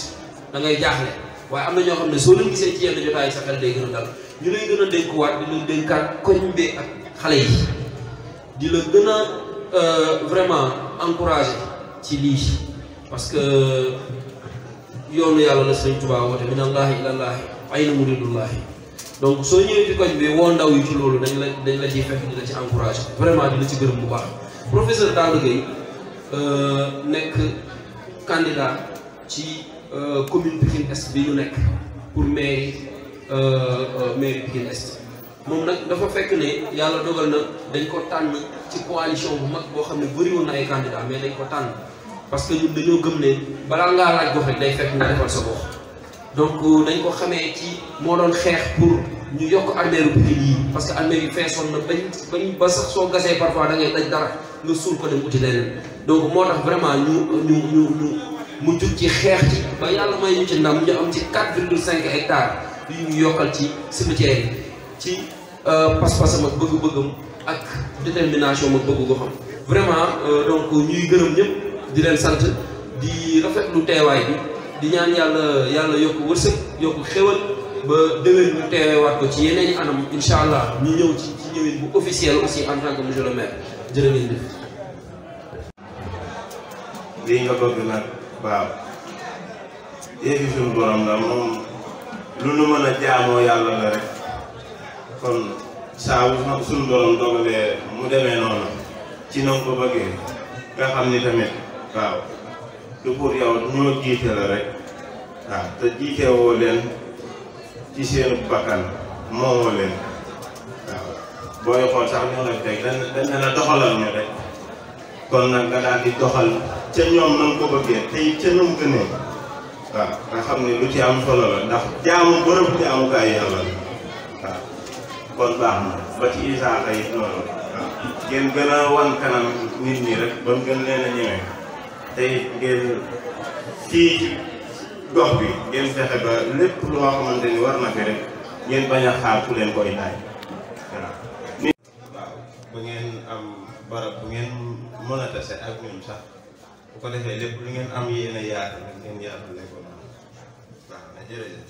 dangay ngay jaaxle waaye am na ñoo xam ne soo leen gisee ci yenn jotaay sa xel day gën a dal ñu lay gën a dénkuwaat di la dénkaat koñ bi ak xale yi di la gën a euh, vraiment encouragé ci lii parce yoonu yàlla la sëñ Tuubaa woote min allaahi ilallaahi ayna muridullaahi donc soo ñëwee ci koñ bi woo ndaw yi ci loolu dañ la dañ la ciy fekk di la ci encouragé vraiment di la ci gërëm mu baax professeur Daouda Gueye euh, nekk candidat ci euh, commune Pikine Est bi ñu nekk pour mairie euh, mairie Pikine Est moom nag dafa fekk ne yàlla dogal na dañ ko tànn ci coalition bu mag boo xam ne bëriwoon na ay candidat mais dañ ko tànn parce que ñun dañoo gëm ne balaa ngaa laaj gox day fekk nga defal sa gox donc dañ euh, ko xamee ci moo doon xeex pour ñu yokk armeeru Pikine yi parce que armeer yi feesoon na bañ bañ ba soo gasee parfois da ngay daj dara nga suul ko dem uti leneen donc moo tax vraiment ñu ñu ñu ñu mu jug ci xeex ci ba yàlla may ñu ci ndam ñu am ci cinq hectares yu ñu yokkal ci cimetière ci euh, pas-pasam ak bëgg-bëggam ak détermination ak bëgg goxam vraiment euh, donc ñuy gërëm di leen sant di rafetlu teewaay bi di ñaan yàlla yàlla yokk wërsëg yokk xéwal ba déwén ñu teewaat ko ci yeneen anam incha allah ñu ñëw ci ci ñëwin bu officiel aussi en tant que monsieur le maire jërë ngeen nga bëgg nag waaw yéegi suñu borom la moom lu nu mën a jaamoo yàlla la rek kon saa wu suñu borom dogalee mu demee noonu ci noonu ko bëggee nga xam ni tamit. waaw du pour yow ñoo jiite la rek waaw te jiite woo leen ci seen bakkan moomoo leen waaw booy xool sax ñoo nga teg dañ dañ na doxalal ñu rek kon nag nga daal di doxal ca ñoom na ko bëggee tey ca ñoom gënee nga xam ne lu ci am solo la ndax jaamu bërëb jaamukaayu yàlla la waaw kon baax na ba ci isaaka yi noonu waaw ngeen gën a wan kanam nit ñi rek ba gën leen a ñemee tey ngeen fii ci gox bi ngeen fexe ba lépp loo xamante ni war na fi ngeen bañ a ku leen koy laaj voilà. ba ngeen am barab bu ngeen mën a ak ñun sax bu ko defee lépp lu ngeen am yéen a yaatal rek ngeen yaatal ko noonu waaw na jërëjëf.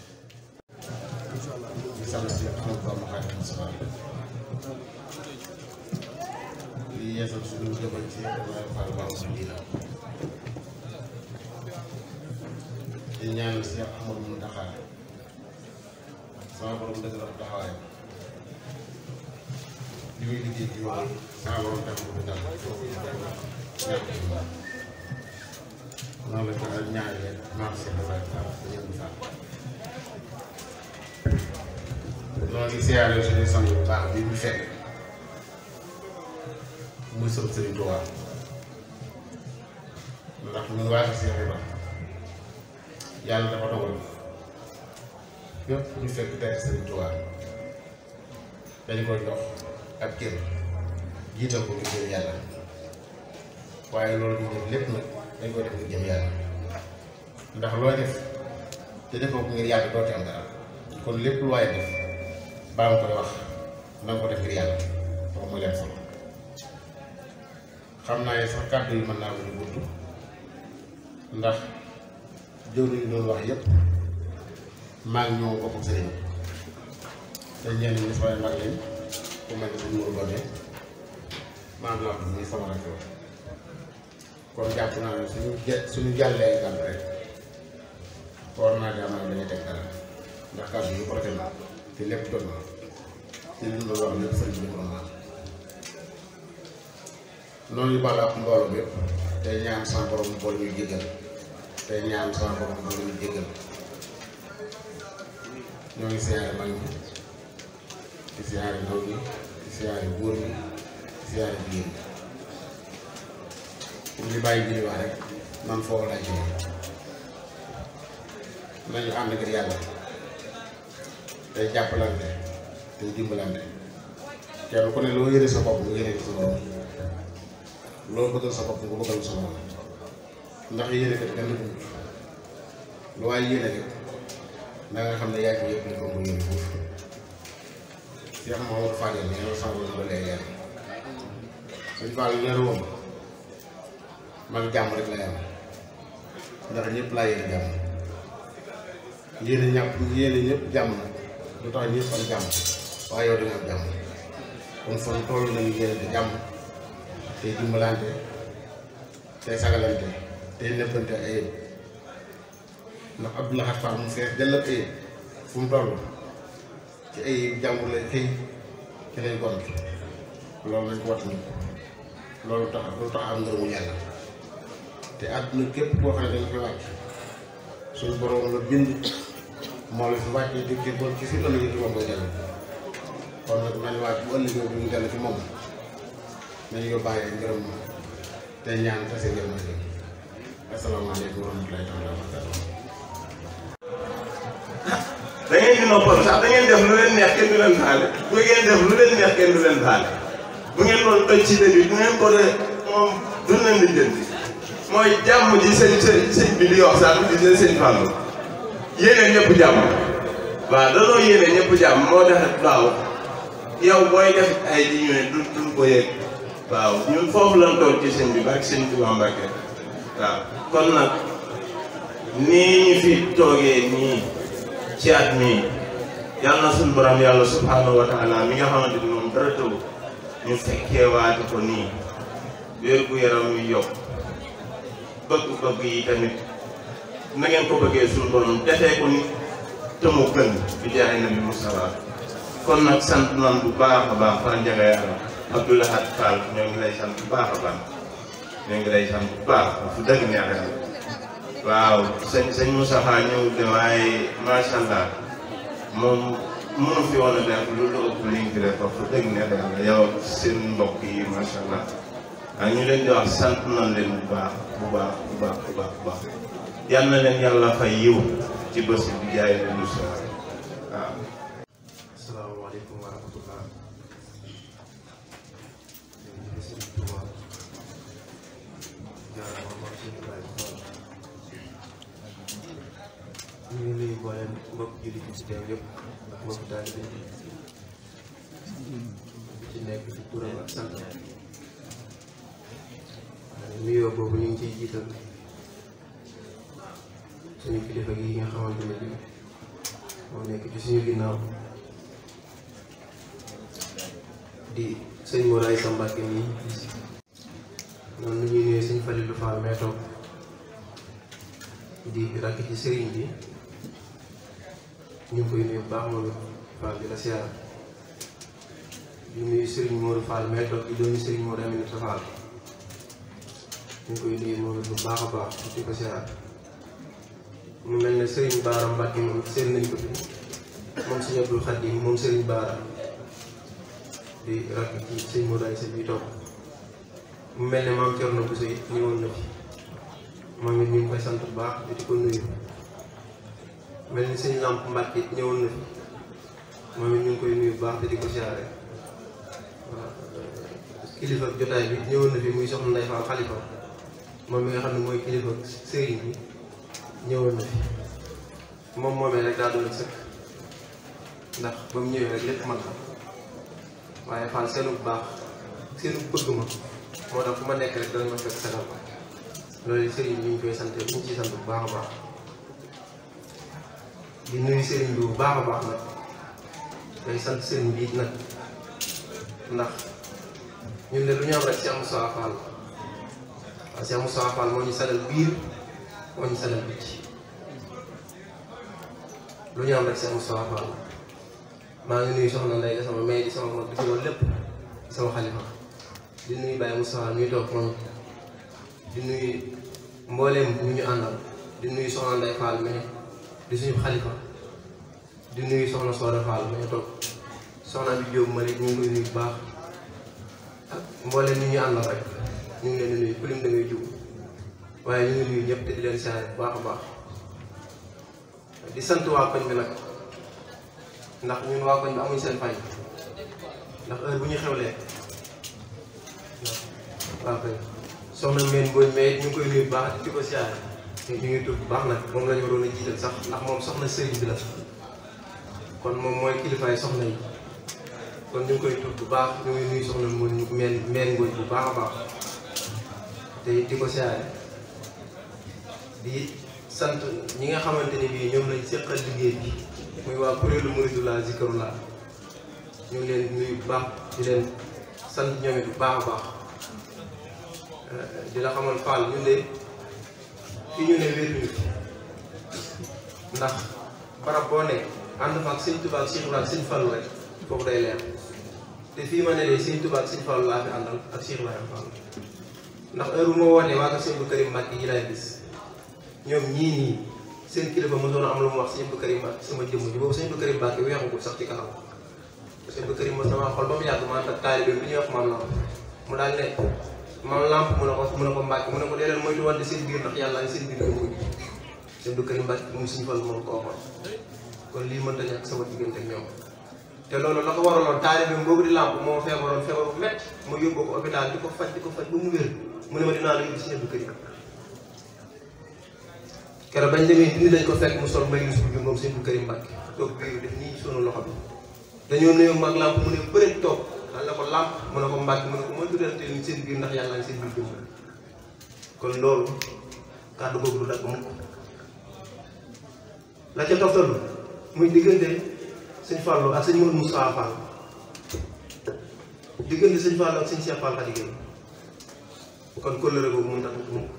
incha allah di sant si di yeesal suñu jëfandikoo ak Fall Ba di ñaanal Seex Ahmadu Muntaxa sama borom dëgg la ab taxawaay li muy liggéey ci yoon sama borom def ko dal noonu la ko ñaanee maam Seex Ibrahima Fall bu ñëw Fall noo ngi siyaaree suñu sang bu baax bi mu fekk muy sëb Sëriñ Tuubaa ndax ñun waa Seex Ibrahima yàlla dafa dogal yëpp ñu fekk dara Sëriñ Tuubaa dañ koy jox ak kër jiital ko ngir jëm yàlla waaye loolu ñu lépp nag dañ koy def ngir jëm yàlla ndax looy def te defoo ko ngir yàlla doo dara kon lépp lu waay def baa ko def ngir yàlla moom muy leen solo xam naa ne sax kàddu yi mën naa ko ñu ndax jëw nañu doon wax yëpp maa ngi ñoo bokk sëriñ te ñenn ñi soo leen mag leen ku mel suñu mën maa ngi laa muy sama ne teg dara ndax kàddu yu proté la te lépp doon na ci li ñu wax lépp sëriñ bi naa noonu yu bàlla ak mbooloo bépp te ñaan sa borom ñuy jégal te ñaan sama borom ba ñu jéggal ñoo ngi siyaare mag ñi di siyaare ndaw ñi di siyaare góor ñi di siyaare jigéen ñi li bàyyi bi wax rek man foofu laa jógee nañu ànd ngir yàlla tey jàppalante tey dimbalante kenn ku ne loo yëre sa bopp nga yëre sa bopp loo bëggal sa bopp nga bëggal sa bopp ndax yéene kat kenn du lu waaye yéene kat da xam ne yaa ngi yëpp li ko mu yéene foofu Cheikh Mouhamadou Fadel nee na sàmm ba lay leer suñ Fall ndax ñëpp laa yéene yéene ñàpp yéene ñëpp jàmm lu tax ñëpp am jàmm waaye yow danga jàmm kon fan toll nañu yéene jàmm te dimbalante te sagalante tey neppante ay yéen ndax Abdoulaye Xattaar mu fees dell ak ay fu mu toll ci ay jàngu lay xëy ci lay gont loolu lañ ko wat ni loolu tax loolu tax am ngërëmu yàlla te àdduna képp koo xam ne dañ koy wàcc suñu borom la bind moo la fi wàcc di ci bon ci fi ëllëgee ci moom koy dellu kon nag nañ wàcc bu ëllëgee moom nañ yóbbaale ngërëm te ñaan tase asalaamaaleykum wa rahmatullaahi wa barakaatuh. di noppalu def lu leen neex kenn du leen baale bu ngeen def lu leen neex kenn du leen baale bu ngeen doon toj ci dënnu bu ngeen ko de moom du di jënd mooy jàmm ji sëñ sëñ bi di wax sax di leen sëñ Fallou yéene ñëpp jàmm waaw danoo yéene ñëpp jàmm yow booy def ay ji ñu ne du duñ ko yëg waaw ñun foofu lañ toog bi ba ak sëñ Tuubaa Mbàkke waaw kon nag nii ñu fi toogee nii ci at mii yal na suñu yàlla subhaanahu wa mi nga xamante ni moom dara tëw ñu fekkee waati ko nii wér gu yaram yu yokk bëgg-bëgg yi tamit na ngeen ko bëggee suñu borom defee ko ni te mu gën bi jaay na bi kon nag sant nan bu baax a baax Fara Ndiaga Yàlla Abdoulaye Fall ñoo ngi lay sant bu baax a baax ñu ngi lay sant bu baax fu dëgg neexee waaw sëñ sëñ Moussa Fall ñëw de waaye fi woon a def lu lu ëpp li ñu fi def fu dëgg neexee yàlla yow seen mbokk yi macha allah ak ñu leen di wax sant nañ leen bu baax bu leen yàlla fay yiw ci bés bi jaay leen lu waaw. mbooleem mbokk jullit yi si teew yëpp ak mbokk taalibe bi ci nekk ci turam ak sant nuyoo boobu ñu ngi ciy jiital suñu kilifa gi nga xamante ne bii moo nekk ci suñu ginnaaw di sëñ Moulay Sambacké nii noonu ñuy nuyee sëñ Falilou Fall mee toog di rakk ci sëriñ bi ñu ngi koy nuyu bu baax moom Fall di la siyaara di ngi koy nuyu moom bu baax a baax di ko siyaara ñu mel ne Serigne Baara Mbacke moom moom Serigne Abdou Khadim moom Serigne Baara di rakk ci bi toog mu mel ne maam Thierno Bousso it ñëwoon na fi moom it ñu ngi koy sant bu baax di ko nuyu. mel ni sëñ làmp Mbàkke moom it baax te di ko siyaare bi ñëwoon na fi muy soxna Ndeye Fall moom mi nga xam ne mooy kilifa sëriñ bi ñëwoon na fi moom moomee rek daa doon sëkk ndax ba mu ñëwee rek lépp man waaye Fall seenu bu baax seenu bëgg ma moo tax fu ma nekk rek dana fekk sagal loolu sëriñ bi ñu ngi koy sant ñu ngi sant bu baax a baax di nuyu sëriñ bi bu baax a baax nag day sant sëriñ bi nag ndax ñun de lu ñu am rek Cheikh Moustapha Fall waaw Cheikh moo ñu salal biir moo ñu salal bitti lu ñu am rek Cheikh Moustapha Fall maa ngi nuyu soxna Ndeye sama may di sama mag di sama lépp di sama xalifa di nuyu Baye Moustapha ñuy toog moom di nuyu mbooleem ñu ñu àndal di nuyu soxna Ndeye Fall mi di suñu xalifa di nuyu soxna Soxna Fall ma ñu toog soxna bi Diop Malick ñu ngi koy nuyu baax ak mboolem ñu ñu àndal rek ñu ngi leen di nuyu ku lim da jub waaye ñu ngi nuyu ñëpp te di leen saare bu baax a baax di sant waa koñ bi nag ndax ñun waa koñ bi amuñ seen fay ndax heure bu ñu xewlee waaw kay soxna Mbène Mbodj mais ñu koy nuyu baax di ko siyaare ñu ngi tudd baax na moom la ñu waroon a jiital sax ndax moom soxna sëriñ bi la kon moom mooy kilifaay soxna yi kon ñu ngi koy tudd bu baax ñu ngi soxna mu meen meen ngooñ bu baax a baax te di ko siyaare di sant ñi nga xamante ni bii ñoom lañ seqal liggéey bi muy waa kuréelu Muridullah Zikrullah ñu leen nuyu baax di leen sant ñoom bu baax baax euh, di la xamal Fall ñu de ci ñu ne wéeruñu ndax barab boo nekk ànd fa ak sëñ Tuubaa ak sëñ Ibra ak sëñ Fallu rek foofu day leer te fii ma ne de sëñ Tuubaa ak sëñ Fallu laa fi àndal ak sëñ Ibra Fall ndax heure bu ma ko seen kilifa mësoon am sama jëmm boobu sëñ bu Karim Mbàkke sama xol ba mu yàgg ma ànd ak taalibe bi ñuy wax maam mu daal ne maam lamp mu ne ko mu ne ko mbàkk mu ne ko dee leen moytu wante seen biir ndax yàlla seen biir ko moom kon lii mënta ñàkk sama diggante ñoom loolu la ko waraloon taalibeem boobu di làmp moo feebaroon di ko faj di ko faj ba bañ demee ko fekk mu sol seen bu kër yi toog biir def nii sunu loxo bi dañoo nuyoo mag làmp mu ne bëreet toog. man na ko làmp mu ne ko mbàkk mu ne ko mën dugalante ni seen biir ndax yàlla ngi seen biir dimbal kon loolu kàddu googu du dagg mukk la ca toftalu muy diggante sëñ Fallou ak sëñ Modou Moussa Fall diggante sëñ Fallou ak sëñ Cheikh Fall Khady Gueye kon kóllëre googu mun tax mukk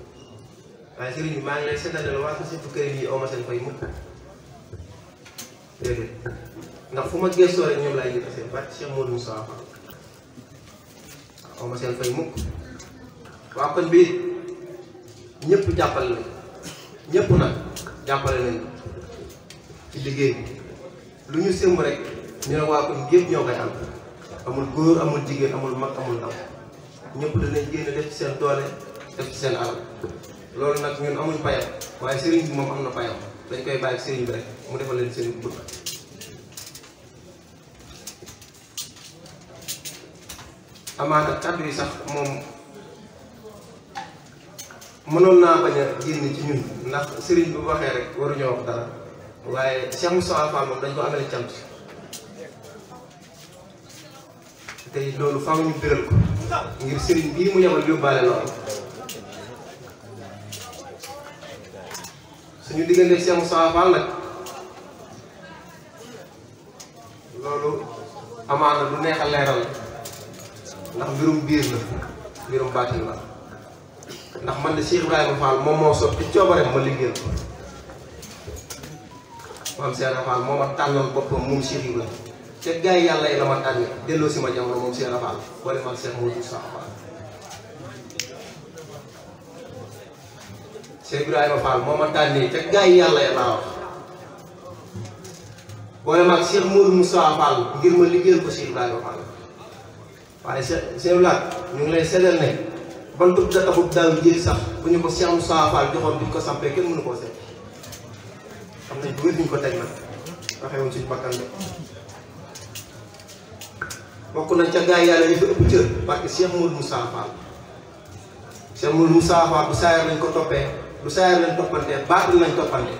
waaye sëriñ bi maa ngi lay seetal waa ko surtout kër yi awma seen fay mukk dégg ndax fu ma gëstoo rek ñoom laay gën a seen bàcc Cheikh Modou Moussa Fall xaw ma seen fay mukk waa koñ bi ñëpp jàppale nañ ñépp nag jàppale nañ ci liggéey lu ñu sëmb rek ñu ne waa koñ yëpp ñoo koy am amul góor amul jigéen amul mag amul ndaw ñëpp danañ génn def ci seen doole def ci seen alal loolu nag ñun amuñ payam waaye sëriñ bi moom am na payam dañ koy bàyyi sëriñ bi rek mu defal leen sëriñ bu bëgg amaana kàddu yi sax moom mënoon naa bañ a génn ci ñun ndax sëriñ bu waxee rek waruñoo wax dara waaye Cheikh Moustapha Fall moom dañ ko amale cant te loolu faaw ñu biral ko ngir sëriñ bii mu yebal yóbbaale loolu suñu diggante Cheikh Moustapha Fall nag loolu amaana du neex a leeral ndax mbirum biir la mbirum baatin la ndax man de Cheikh Ibrahima Fall moom moo sot ci coobareem ma liggéeyal ko maam Cheikh Ibrahima Fall moo ma tànnal boppam moom Cheikh Ibrahima te gars yàlla yi la ma tànn delloo si ma jamono moom Cheikh Ibrahima Fall boole man Cheikh Modou Sa Fall Cheikh ngir ma liggéeyal ko Cheikh Ibrahima Fall waaye seen laaj ñu ngi lay seddal ne bantub da abub daaw jëy sax bu ñu ko Cheikh Moussa Fall joxoon bi ko sampee kenn mënu koo seet xam nañ bu wér ñu ko teg nag waxee woon suñu bakkan de bokk nañ ca gaa yàlla yi fi ëpp cër parce que Cheikh Moudou Moussa Fall Cheikh Moudou Moussa Fall du saayar lañ ko toppee du saayar lañ toppantee baatil lañ toppantee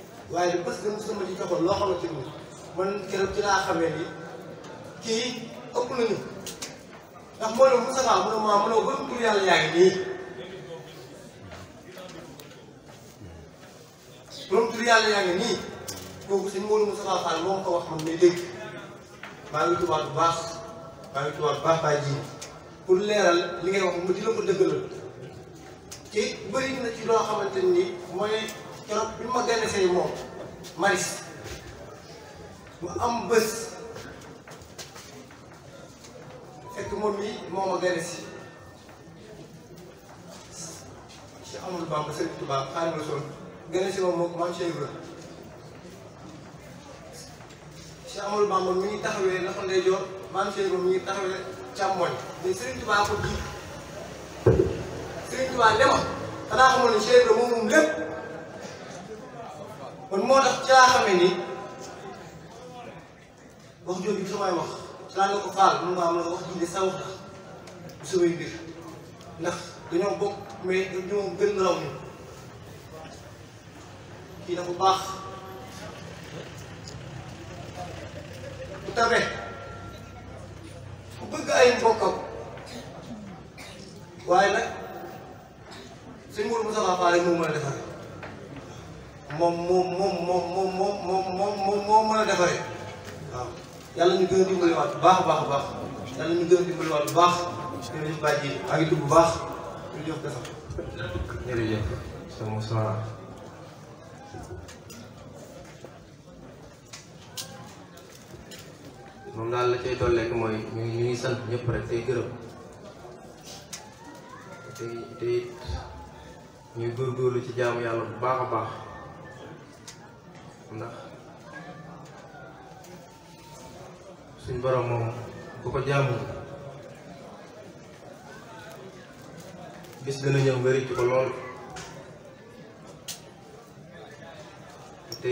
waaye bés nga mos sama ji joxoon loo xamante ni man keroog ci laa xamee ni kii ëpp nañu ndax moo ne Moussa Fall mu ne maa mu ne ba mu yàlla yaa ngi nii. borom tur yàlla yaa ngi nii kooku sëñ Mawlou Moustapha Fall moo ko wax man may dégg maa ngi tubaab bu baax maa ngi tubaab bu baax baa ji pour leeral li ngay wax ma di la ko dëggalal ci bëri na ci loo xamante ni mooy keroog bi ma gën a see moom maris mu am bés fekk moom mi moo ma gën a si si amul Bamba Sëriñ Tuubaa Xaadimu Rasuul gën a si moom moom maam Cheikh Ibrahima si amul Bamba mi ngi taxawee loxo ndeyjoor maam Cheikh Ibrahima mi ngi taxawee càmmoñ mais Sëriñ Tuubaa ko jiit Sëriñ Tuubaa ne ma xanaa xamoon ne Cheikh Ibrahima moom moom lépp kon moo tax ci laa xamee ni wax jooju samay wax ci laa ne ko faal mun nga am la wax jii de sa wax la samay mbir ndax dañoo bokk mais dañoo gën raw ñu kii dafa baax ku tabe ku bëgg ay mbokkam waaye nag sëñ Mourou Moussa Fall rek moo moom moom moom moom moom moom moom moom moom mën a defaree yàlla ñu gën a dimbaliwaat bu baax a baax a baax yàlla ñu gën a dimbaliwaat baax ngi moom daal la cay dolleek mooy ñu ñu ngi sant ñëpp rek tey gërëm tey tey ñuy góorgóorlu ci jaamu yàlla bu baax a baax ndax suñ borom moom bu ko jaamu bis dana ñëw nga rëcc ko lool te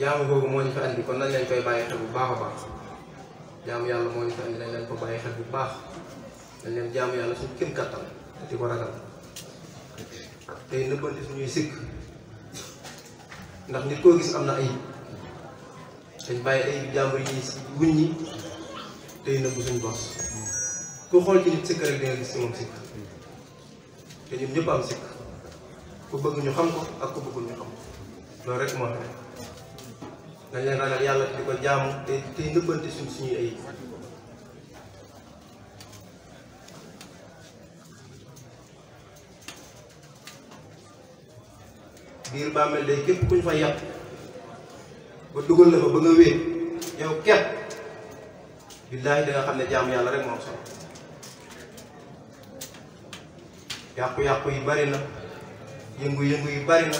jaamu googu moo ñu fi andi kon nañ leen koy bàyyi xel bu baax a baax jaamu yàlla moo ñu fi andi nañ leen ko bàyyi bu baax dañ leen jaamu yàlla suñ kéem kattan di ko ragal tey nëbbante suñuy sikk ndax nit koo gis am na ayib dañ bàyyi ayib jàmbur yi wuññi tey nëbbu suñ bos ku xool ci nit sikk rek di nga gis ci moom sikk te ñun ñëpp am sikk ku bëgg xam ko ak ku bëggul ñu xam ko loolu rek moo xam ne dañ leen ragal yàlla di ko jaamu te tey nëbbante suñ suñuy ayib biir bàmmeel day képp ku ñu fa yàq ba dugal la fa ba nga wéet yow képp billaahi da xam ne jaamu yàlla rek moom solo yàqu-yàqu yi bari yëngu-yëngu yi bari na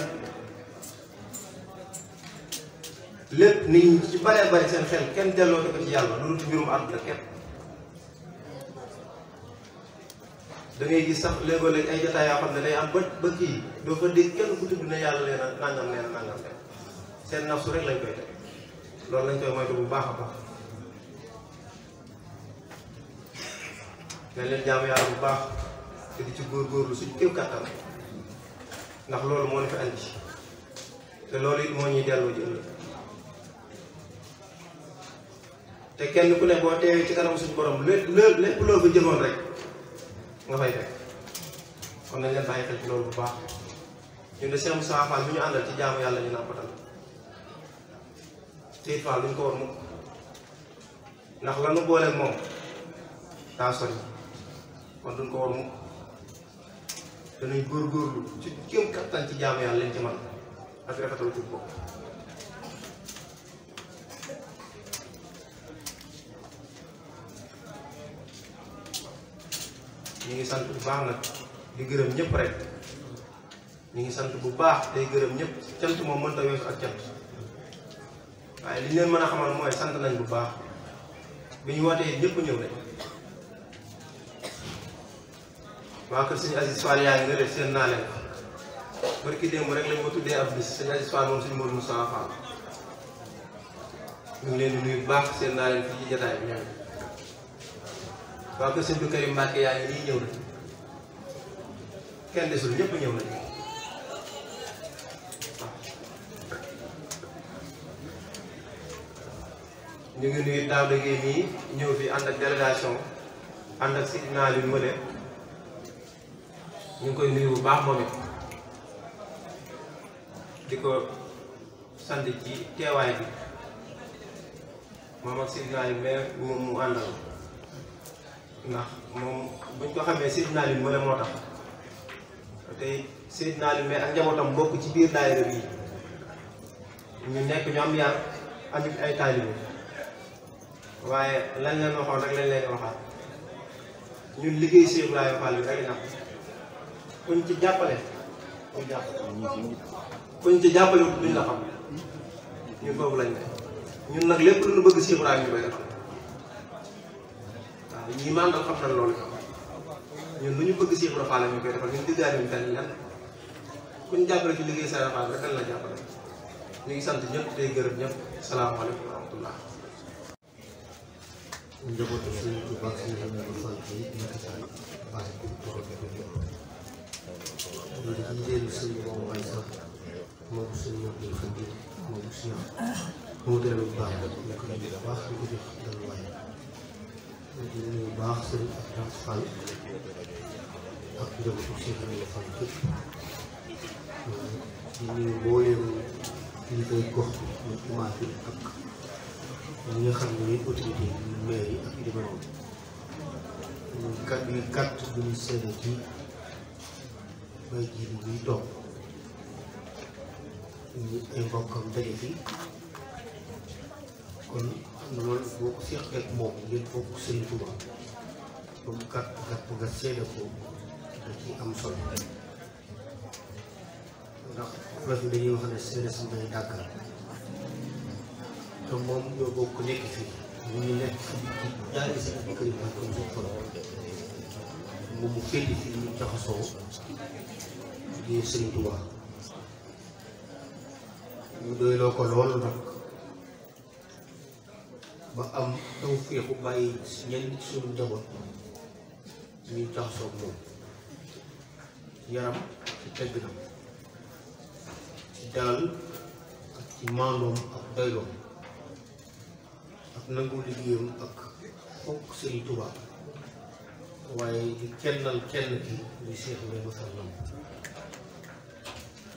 nit ñi ci baree bari seen xel kenn delloo ko ci yàlla loolu ci mbirum àdduna képp da ngay gis sax léegoo-léeg ay jotaay yoo xam ne day am ba ba kii doo fa dégg kenn ku tudd ne yàlla nee na nangam nee na nangam de seen nafsu rek lañ koy teg loolu lañ koy moytu bu baax a baax nañ leen bu baax te di ci góorgóorlu suñ kéem kàttan ndax loolu moo ne fi andi te loolu it moo ñuy delloo ji ëllëg te kenn ku ne boo ci kanam suñu borom lépp lépp lépp loo ko jëloon rek nga fay fekk kon nañ leen bàyyi xel loolu bu baax ñun de Cheikh Moussa Fall ñu àndal ci jaamu yàlla ñu nàmpatal te it Fall duñ ko war mukk ndax lanu booleel moom daa sori kon duñ ko war mukk danañ lu ci kéem kattan ci jaamu yàlla leen ci man ak rafetal ko bokk ñu ngi sant bu baax nag di gërëm ñëpp rek ñu ngi sant bu baax tey gërëm ñëpp cant moom mënta weesu ak cant waaye li leen mën a xamal mooy sant nañ bu baax bi ñu wootee ñëpp ñëw nañ waa kër suñu Aziz Fall yaa ngi nga def seen naa leen démb rek lañ ko tuddee ab bis suñu Aziz moom suñu Modou Moussa Fall ñu leen di nuyu baax seen naa leen fii ci jataay bi ñoom waa ko sëñ bi Karim yaa ngi nii ñëw na kenn desul ñëpp ñëw nañu ngi nii ñëw fi ànd ak délégation ànd ak signal yu mëne ñu koy nuyu bu baax moom it di ko sant ci teewaay bi moom ak signal yu mais moom mu àndal ndax moom buñ ko xamee Seydina Aliou mu ne moo tax tey Seydina Aliou mais ak njabootam bokk ci biir daayira bi ñu nekk ñu am yar amit ay taalibe waaye lañ leen waxoon rek lañ leen waxaat ñun liggéey Cheikh Ibrahima Fall bi rek ñu am kuñ ci jàppale kuñ jàpp kuñ ci jàppale duñ la xam ñun foofu lañ ne ñun nag lépp lu bëgg Cheikh Ibrahima ñu koy ñii maam dama xam nan loolu ñun lu ñu bëgg Cheikh Ibra Fall ñu koy defal ñun diggaay ñu tan lan ku ñu jàppale ci liggéey Cheikh Ibra Fall rek la jàppale ñu ngi sant ñëpp tey gërëm ñëpp salaamaaleykum suñu Tuubaa si ñu ne ko sant yi nekk ci bàyyi ko toog di jigéen suñu sax moom suñu moom di xëddi moom suñu moom delloo di nuyu baax sëriñ Abdou Fall ak njabootu Cheikh Ibrahima Fall képp di nuyu mbooleem ñi koy gox muy imaam yi ak ñi xam ne autorité yi ñu maire yi ak deme noonu muy kàddu yi gàtt bu ñu seede ci bay ji bi muy toog ay mbokkam daje kon loolu boo ko seqee ak moom ngeen bokk sëñ Tuuba ba mu gàtt gàtt nga seede ko am solo ndax olof dañuy wax ne seede si day dàggal te moom ñoo bokk nekk fii ñu ngi nekk fii mu féete fii ko loolu nag ba am taw féexu bàyyi ñenn suñu njaboot ñuy jaxasoog moom yaram ci tegginam ci daal ak ci maandoom ak doyloom ak nangu liggéeyam ak fokk sëriñ Tuubaa waaye di kennal kenn ki ñu seex may masallam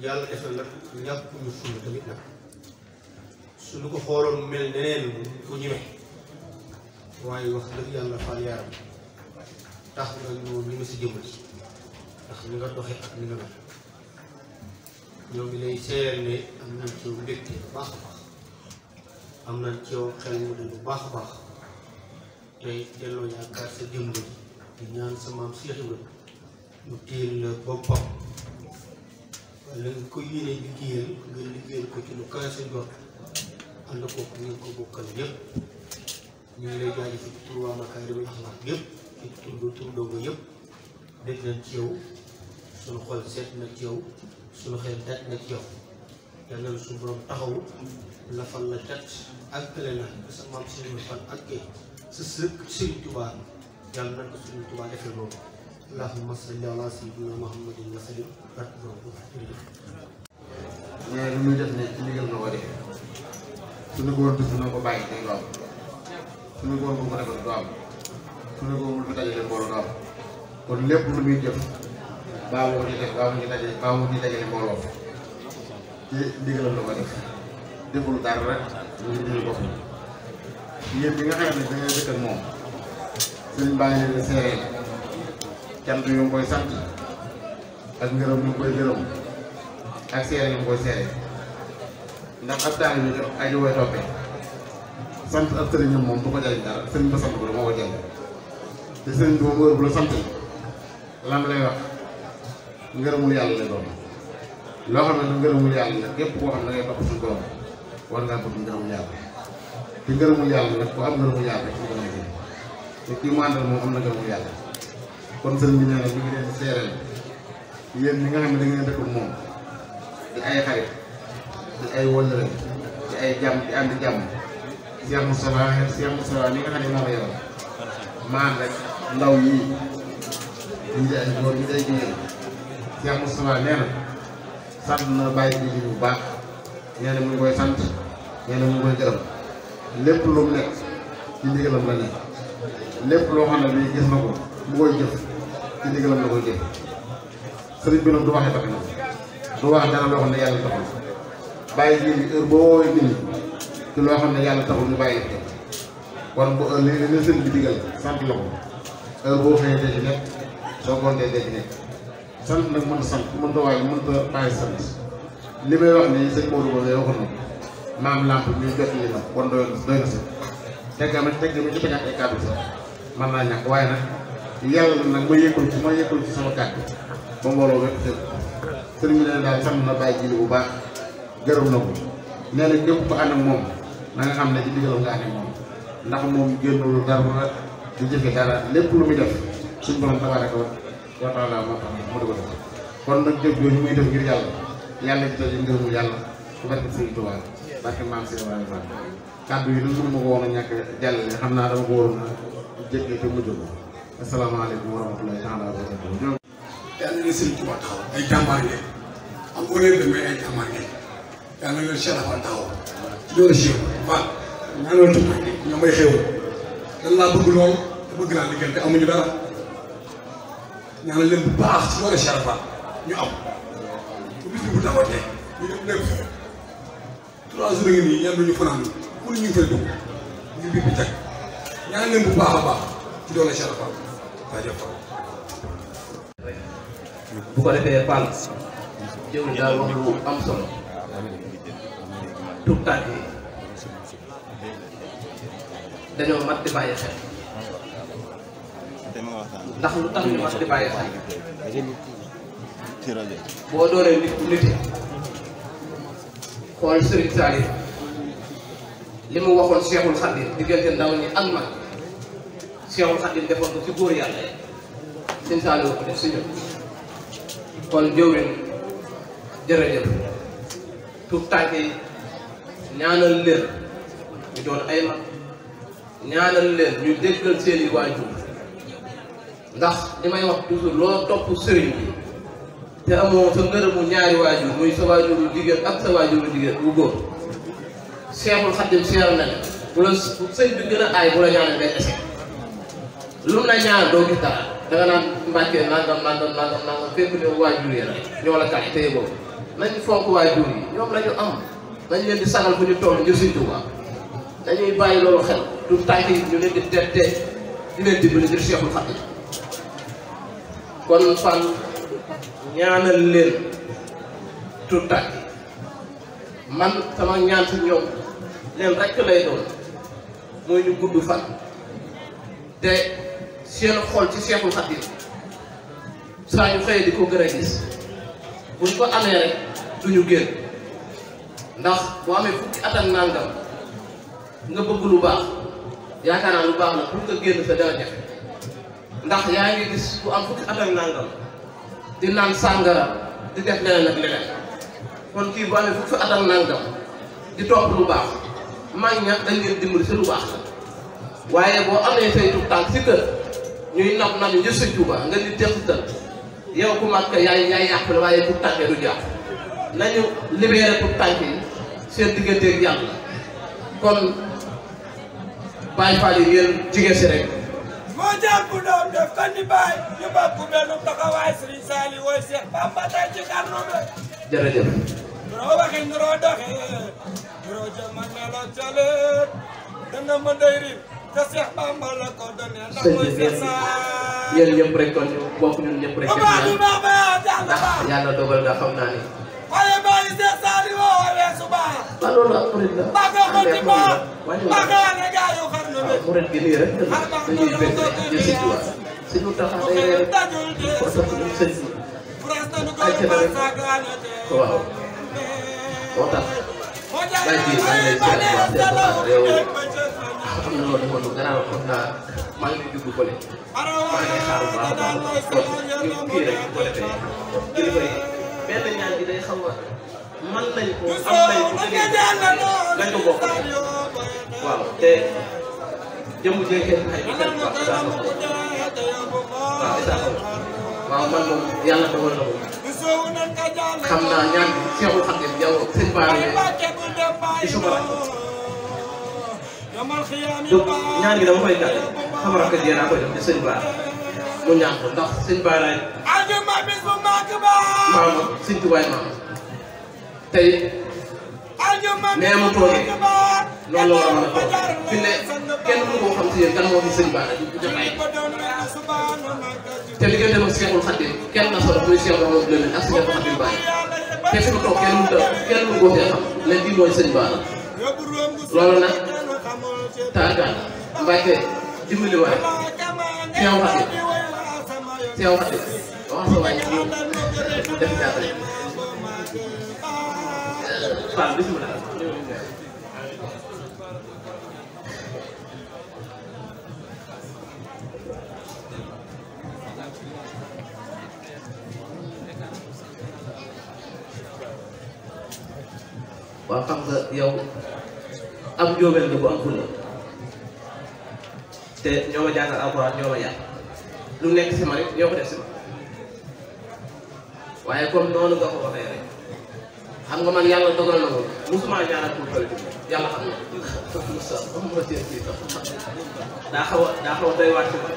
yàlla defal nag ñàkk ñu fulla tamit nag suñu ko xooloon mel neneen ko ñëwe waaye wax dëgg yàlla faal yaaram tax nga ñu li ma si jëmali ndax ni nga doxe ak ni nga mel ñoo ngi lay seer ne am nañ ci yow mbégte bu baax a baax ñaan sa maam Cheikh Ibrahima mu téel boppam wala nga ko yéene liggéeyal nga liggéeyal ko ci lu kaay sa jot ànd kook ñu ngi ko bokkal yëpp ñu ngi lay jaajëfal ci tur waa Makaarimul Axlaaq yëpp ci tur bi tur doogu yëpp dégg nañ ci seet na ci yow suñu xel daj na ci yàlla na suñu borom taxaw lafal la cat ak kële na sa maam suñu fan ak kay sa sëkk Sëriñ Tuubaa yàlla na ko Sëriñ Tuubaa defee loolu allahumma salli ala muhammadin wa sallim barke boobu jërëjëf lu muy def ne ci ndigal na ko suñu góor def na ko bàyyi day doom suñu ko defal doom suñu góor mbooloo doom kon lépp lu muy jëf baawu ñu def baawu ñu dajale baawu ñu dajale mbooloo ci ndigalam la ko def deful dara rek ñu ngi déglu boppam yéen bi nga xam ne da ngay dëkk ak moom sëriñ baa ngi leen seeree cant yu ngi koy sant ak ngërëm yu koy gërëm ak seere yu ngi koy seere ndax ab taali bi def ay li koy toppee sant ab sëriñam moom du ko jariñ dara sëriñ ba sant ko moo ko jariñ te sëriñ bi moom wër bu la sant lan lay wax ngërëmul yàlla lay doon loo xam ne ngërëmul yàlla la képp koo xam ne da ngay topp suñu borom war ngaa bëgg ngërëmul yàlla te ngërëmul yàlla nag ku am ngërëmul yàlla rek ñu ko nekkee te kii mu àndal moom am na ngërëmul yàlla kon sëriñ bi nee na ñu ngi leen di seereel yéen ñi nga xam ne da ngeen dëkk moom di ay xarit di ay wëllëre di ay jàmm di ànd jàmm Cheikh Moustapha Cheikh Moustapha li nga xam ne moo ko yor rek ndaw yii ñu di ay góor ñu di ay jigéen Cheikh Moustapha na sant na bàyyi bu baax nee na mu ngi koy sant nee mu ngi koy gërëm lépp lu mu nekk ci ndigalam la nekk lépp loo xam ne bii gis na ko mu koy jëf ci ndigalam la koy jëf sëriñ bi nag wax dara loo ne yàlla taxul bàyyi julli heure boo julli ci loo xam ne yàlla taxul ñu bàyyi ko kon bu li li sëñ bi digal sant la ko heure boo xëyee waaye li may wax nii sëñ na na doy na sax tegga ma tegga ma man naa ñàkk waaye nag yàlla la nag ma yëkkul ci ma yëkkul ci sama kàddu ba mbooloo wépp dëgg sëriñ bi ne daal sant na bàyyi julli bu baax gërëm na ko nee na képp ku ànd ak moom na xam ne ci digalam nga ànd moom ndax moom génnul dara di jëfe dara lépp lu muy def suñu borom tabaaraka wa taala tax mu di ko def kon nag jëf jooju muy def ngir yàlla yàlla ci ko woon a ñàkk jàllale xam naa dama ko waroon a te mujj ko asalaamaaleykum wa rahmatullahi taala wa barakatuh yàlla na Sëriñ Tuubaa taxaw ay jàmbaar ngeen am au lieu de mais ay yàlla na yoon Cheikh Afane taxaw loolu Cheikh waaw ñaanal tukki ñoom may xéewal dañ laa bëgg lool te bëgg laa liggéey te amuñu dara ñaanal leen bu baax si loolu Cheikh Afane ñu am bu bis bi bu taxawatee ñu dem dem trois jours yi nii ñaan ñu fanaan pour ñu fay dugg ñu biir bi teg ñaanal leen bu baax a baax ci doole Cheikh Afane jaajëf bu ko defee Fall jëw daal wax lu am solo tuutànk dañoo mat di bàyyi xel ndax lu tax mat di bàyyi boo doonee nit ku nite xool Serigne Saliou li mu waxoon Cheikhul Khadim diggante ndaw ñi ak mag Cheikhul Khadim defoon ko ci góor yàlla yi Serigne def si ñun kon jëwriñ jërëjëf tuutànk ñaanal leen ñu doon ay mag ñaanal leen ñu déggal seen i waajur ndax li may wax toujours loo topp sëriñ bi te amoo sa ngërëmu ñaari waajur muy sa waajuru jigéen ak sa waajuru jigéen bu góor Seexul Xadim seeral na ne bu la sëñ bi gën a aay bu la ñaanal day ese lu na ñaar doo gis dara danga naan mbàkkee nangam nangam nangam nangam fekk ne waajur yi la ñoo la kaay téye nañu fonk waajur yi ñoom la am dañ leen di sagal fu ñu tool ngir Sëriñ Tuubaa dañuy bàyyi loolu xel du ñu leen di tette di leen dimbali ngir Seexul Xadiim kon fan ñaanal leen tuut tànk man sama ñaan ci ñoom leen rekk lay doon mooy ñu gudd fan te seen xol ci Seexul Xadiim saa ñu xëyee di ko gën a gis ko amee rek duñu génn ndax boo amee fukki at ak nangam nga bëgg lu baax yaakaar naa lu baax la pour nga génn sa dara jafe ndax yaa ngi gis ku am fukki at ak nangam di naan sàngara di def leneen ak leneen kon kii bu amee fukki at nangam di topp lu baax mag ña dañ leen dimbali si lu baax waaye boo amee say tub tànk si kër ñuy nab nab njër sëñ Tuuba nga di texital yow ku mag yaay yaay yàq la waaye tub tànk du jàpp nañu libéré tub tànk yi seen digganteeg yàlla kon Baye Fall yi ngeen jige si rek. moo jàpp doom def kan ni baay ñu bokk benn taxawaay Serigne Saliou wooy Cheikh Bamba tey ci karnu bi. jërëjëf. nuroo waxi nuroo doxi nuroo jaman melo jalet dana ma day rim te Cheikh Bamba la ko donné ndax mooy sa yéen ñëpp rek kon bokk ñun ñëpp rek. yàlla dogal nga xam naa ni. Seex Saaliw woo weesu baax. ah loolu ak kuréel la. maa ngi waxoon ci baax. maa ngi wax ne gars yu xar na bëgg. kuréel gi nii rek dañuy dañuy benn jël si waat. suñu taxaw day rek kon sax ñu sëñ bi. ay ca rek waaw. moo tax bàyyi bi maa ngi lay seetlu waat waaw yow xam nga loolu kon gannaaw xam naa maa ngi jublu ko leen. maa ngi xaar bu baax a baax kon kii rek bu ko defee kii bi benn ñaan gi day xaw a. man nañ ko am nañ ko dañ ko bokk waaw te jëmu jege ay bi kenn wax dëgg waaw man moom yàlla dogal na ko xam naa ñaan bi seexul xam ngeen yow sëñ Ba ci sama rajo donc ñaan gi dama koy gàtt xam rakk ji naa koy def ci sëñ Ba mu ñaan ko ndax sëñ Ba laay maama sëñ Tubaay maama tey nee mu toogee loolu la war a mën a toog kenn mënu koo xam si yéen kan moo fi sëñ Bara di def ay te li ngeen dem ak Seexul kenn na solo muy Seexul Xadiim Lemin mu toog kenn mënu kenn mënu koo see xam ne kii mooy sëñ Bara loolu nag tàggat Mbàkke dimbali waay teew xati teew Fall bismillah waaw xam nga yow am jóobel nga bu am fulla te ñoo ma jàngal alxuraan ñoo ma yàq lu nekk si ma rek ñoo ko def si ma waaye comme noonu nga ko waxee rek xam nga man yàlla dogal na ko musuma ñaanal pour politique yàlla xam na daa xaw a daa xaw a doy waar ci man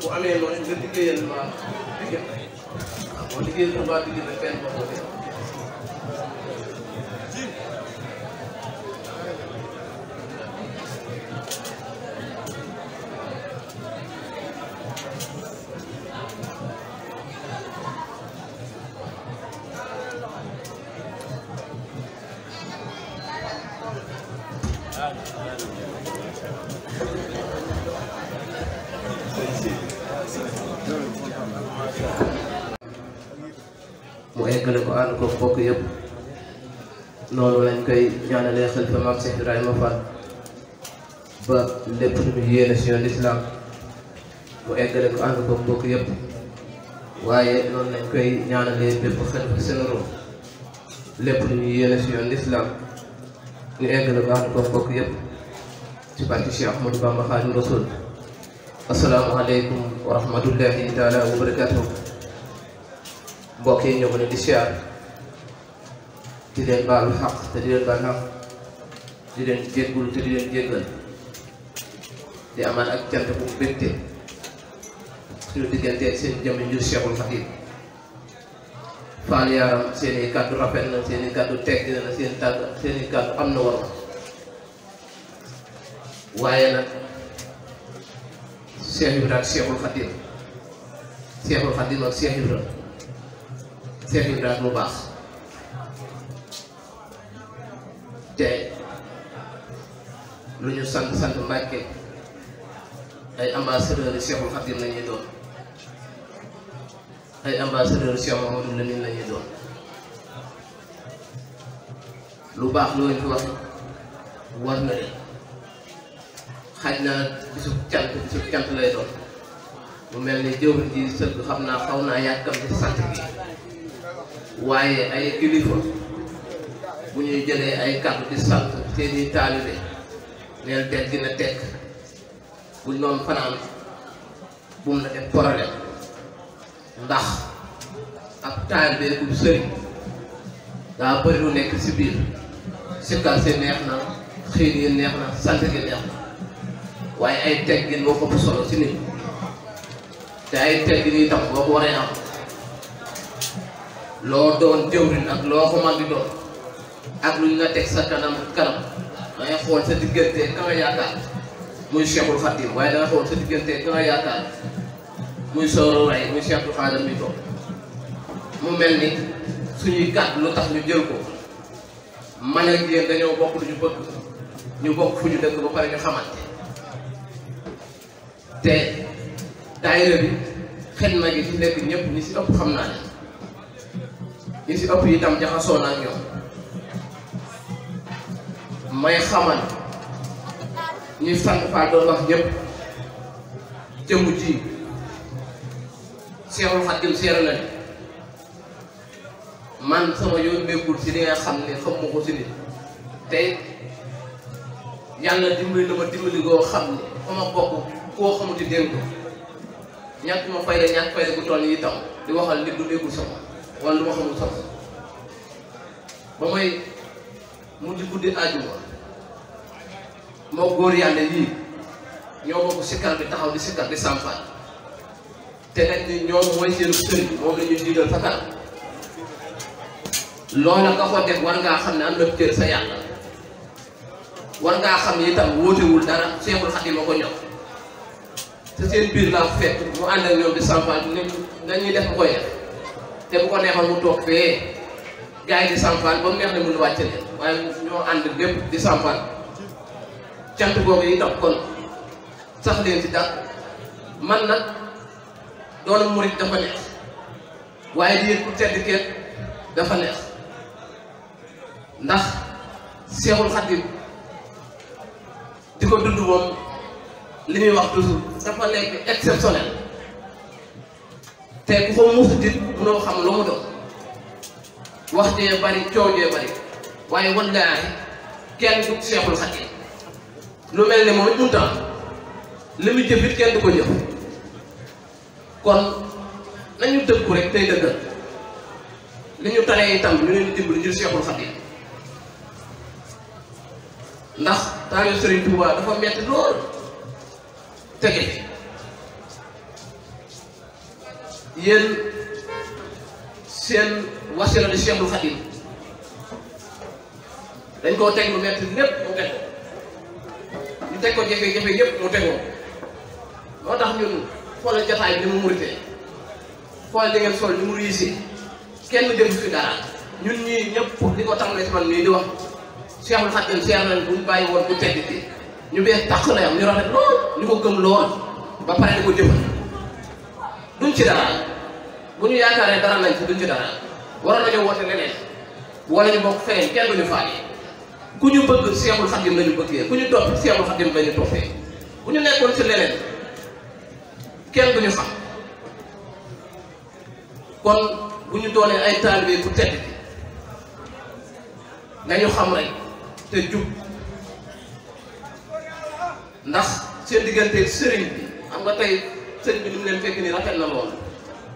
bu amee noonu nga liggéeyal ma liggéey waaw boo liggéeyal ma liggéey benn bopp waxtaane ko bokk yëpp noonu lañ koy ñaanalee xalifa maam Cheikh lu ko ànd ko bokk yëpp waaye noonu lañ koy ñaanalee bépp xalifa généraux lépp lu ñu yéene si yoon islam ñu eggale ko ànd ko bokk yëpp ci barke Cheikh Ahmadou Bamba Xaadimu Rasuul asalaamaaleykum wa rahmatullahi taala wa barakatuh mbokk yi ñëw na di siyaar di leen baalu xaq te di leen baal xaq di leen jéggul te di leen jéggal di amaat ak cant bu mbégte suñu diggante ak seen jëmm ñu Cheikhul Khadim faal yaaram seen i kàddu rafet na seen i kàddu tegg na seen tàgg seen i kàddu na war waaye nag Cheikh Ibra ak Cheikhul Khadim Cheikhul Khadim ak Cheikh Ibra Cheikh Ibra baax teey lu ñu sant sant Mbàkke ay ambassadeur yu Seexul Xadim la ñuy doon ay ambassadeur lu baax lu ngeen wax war na leen xaj na bisub cant bisub cant lay doon mu mel ni jëwriñ ji sëgg xam naa xaw naa yàkkam ci sant bi waaye ay kilifa bu ñuy jëlee ay kàddu di sant seeni taalibe neel dégg na tekk buñ doon fanaan bu mu la def problème ndax ab taalibe bu sëriñ daa bëri lu nekk si biir sikkal si neex na xiin yi neex na sant gi neex na waaye ay teggin moo ëpp solo si nit te ay teggin yi tam boo ko waree loo doon jëwrin ak loo ko man di doon ak lu ñu la teg sa kanam kanam da ngay xool sa diggante ka nga yaakaar muy Cheikhul Khadim waaye da nga xool sa diggante ka nga yaakaar muy Sooro Ray muy Cheikhul Khadim bi toog mu mel ni suñuy kàddu lu tax ñu jël ko man ak yéen dañoo bokk lu ñu bëgg ñu bokk fu ñu dëkk ba pare ñu xamante te daayira bi xel na gi ci nekk ñëpp ñi si ëpp xam naa ne ñi si ëpp itam jaxasoo naa ñoom. may xamal ñi sang faa doon wax ñëpp jëmu ji Seexul Xadiim seere na man sama yoon nekkul si li nga xam ne ko si nit te yàlla dimbali na ma dimbali xam ne fa bokk koo xamuti dénk ko ma fay la ñàkk fay la gu toll yi tam di waxal nit du nekkul sama wala lu ma xamul sama ba may mu di guddi àjjuma moo góor yàlla yii ñoo bokk sikkar bi taxaw di sikkar di sampaañ te nag ni ñoom mooy seen sëriñ moom la ñuy digal sa kanam nga ko def war ngaa xam ne am na cër sa yàlla war ngaa xam ne itam wóotewul dara Seexul Xadiim ma ko ñor te seen biir laa fekk mu ànd ak ñoom di sampaañ ne dañuy def ko koy te bu ko neexal mu toog fee gaa yi di sampal ba mu neex ne mënu wàcc leen waaye ñoo ànd lépp di sampal cant googu yi tax kon sax leen ci dàq man nag doon murit dafa neex waaye di ku tedd kenn dafa neex ndax Seexul Xadim di ko dund moom li muy wax toujours dafa nekk exceptionnel te ku ko musu dit mënoo xam lu mu wax jee bari coow jee bari waaye wallaahi kenn du seexul xakim lu mel ne moom juntam li mu jëf it kenn du ko jëf kon nañu dëggu rek tey dëggal li ñu tane itam ñu leen di dimbali ngir seexul xakim ndax taayu Sëriñ Tuubaa dafa metti lool tege yéen seen wasila di Cheikhul Khadim dañ koo teg lu metti lépp mu teg ñu teg ko jafe-jafe yépp mu tegoo moo tax ñun xoolal jataay bi ni mu muritee xoolal li ngeen sol mu riisee kenn dem fi dara ñun ñii ñëpp di ko tàmbalee ci man mii di wax Cheikhul Khadim seer nañ bu ñu bàyyi woon bu tedd bi ñu bees tax la yam ñu rafet lool ñu ko gëm lool ba pare di ko jëfal duñ ci dara bu ñu yaakaaree dara nañ ci duñ ci dara waroon nañoo woote leneen wala ñu bokk feneen kenn duñu faale ku ñu bëgg Seexul Xadim lañu bëggee ku ñu topp Seexul Xadim lañu toppee bu ñu nekkoon ci leneen kenn duñu fa kon bu ñu doonee ay taalibe bu tedd nañu xam rek te jub ndax seen diggante sëriñ bi xam nga tey sëriñ bi li mu leen fekk nii rafet na lool.